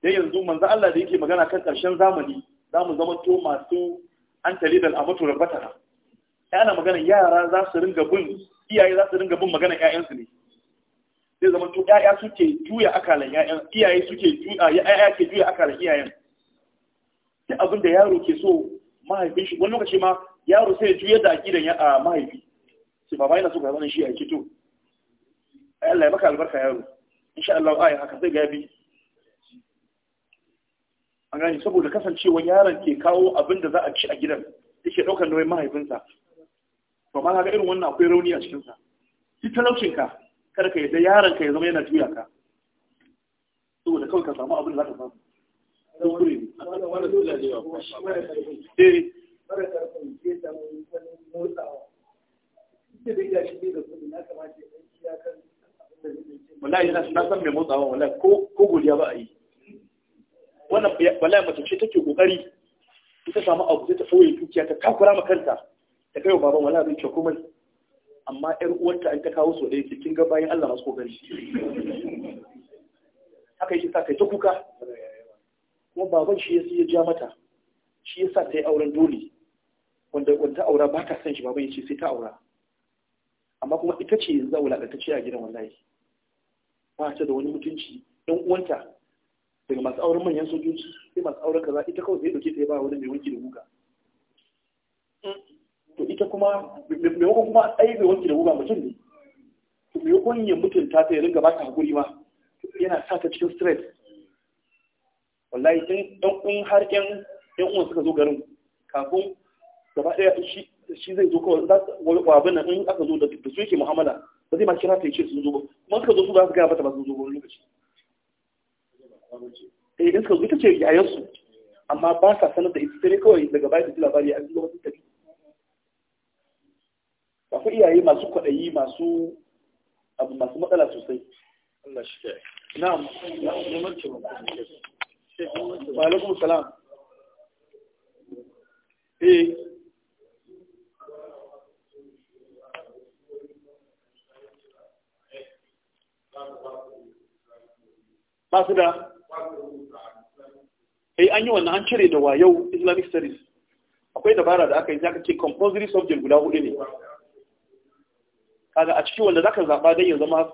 [SPEAKER 1] dai yanzu manzo Allah da yake magana kan karshen zamani za mu zama to masu an a amatu rabbatana ya ana magana yara za su ringa bin iyaye za su ringa bin magana su ne zai zama to ƴaƴa suke juya akalan ƴaƴan iyaye suke juya ƴaƴa ke juya akalan iyayen duk abin da yaro ke so mahaifin shi wani lokaci ma yaro sai ya juyar da gidan ya a mahaifi sai baba yana so ka zama shi a kito ay Allah ya maka albarka yaro insha Allah ai haka sai gabi bi an gani saboda kasancewa yaron ke kawo abin da za a ci a gidan yake daukar nauyin mahaifinsa to ma ga irin wannan akwai rauni a cikinsa shi ka. kada ka yadda yaron ka ya zama yana juya ka saboda kawai ka samu abin da za ka samu. Eh, mara karfin ke samu wani motsawa da dai ga shi da kudi na kamata ya ci ya kan wallahi na san mai motsawa wallahi ko ko godiya ba a yi wannan wallahi mace ce take kokari ita samu abu ta sauye dukiya ta kakura ma kanta ta kai wa baban wallahi bai ce komai amma ƴar uwarta an ta kawo so ɗaya kin ga bayan Allah masu kokari haka yake sa kai ta kuka kuma baban shi ya ja mata shi yasa ta yi auren dole wanda wanda aura ba ta san shi bai ce sai ta aura amma kuma ita ce yanzu ce a gidan wallahi ba ta da wani mutunci ɗan uwanta daga masu auren manyan sojoji sai masu auren kaza ita kawai sai dauke ta ya ba wani mai wanki da guga to ita kuma mai wanki kuma ai mai wanki da guga mutum ne to wanki ya mutunta ta ya ringa ba ta hakuri ma yana sa ta cikin stress wallahi in ɗan har ƴan ƴan uwan suka zo garin kafin gaba ɗaya shi zai zo kawai za wani na in aka zo da su yake mu'amala ba zai ma kira ta yace sun zo ba kuma ka zo su ba su gaya mata ba sun zo wani lokaci eh in suka zo ita ce yayansu amma ba sa sanar da ita sai kawai daga baya ta ji labari a zuwa sun tafi ba ku iyaye masu kwaɗayi masu abu masu matsala sosai Allah shi ba su da eh an yi wannan an cire da wayo islamic studies akwai dabara da aka yi zaka ce compulsory subject guda hudu ne kaga a cikin wanda zaka zaba dan ya zama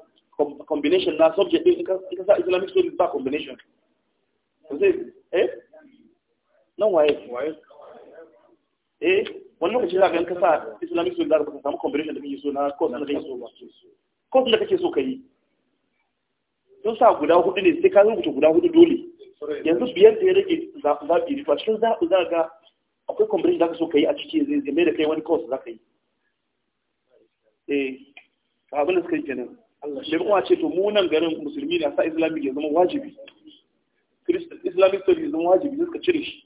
[SPEAKER 1] combination na subject din in ka sa islamic studies ba combination zai eh nan waye waye eh wani lokaci za ka yanka sa islamic studies da ka samu combination da kake so na course na kake so ba course da kake so ka yi sun sa guda hudu ne sai ka rubuta guda hudu dole yanzu biyar da ya rage zaɓi ne to a cikin zaɓi za ga akwai kwamfani da ka so ka yi a ciki zai zai mai da kai wani kawai za ka yi eh abin da suka yi kenan da kuma ce to mu nan garin musulmi na sa islami ya zama wajibi islamic studies zama wajibi suka cire shi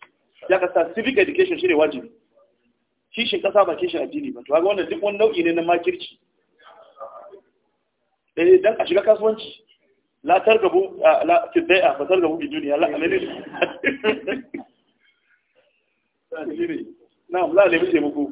[SPEAKER 1] ya ka sa civic education shi ne wajibi kishin kasa ba kishin addini ba to ga wannan duk wani nau'i ne na makirci eh dan a shiga kasuwanci la targabu la tiddai'a fa targabu bi duniya la alalil na'am la alimin taimako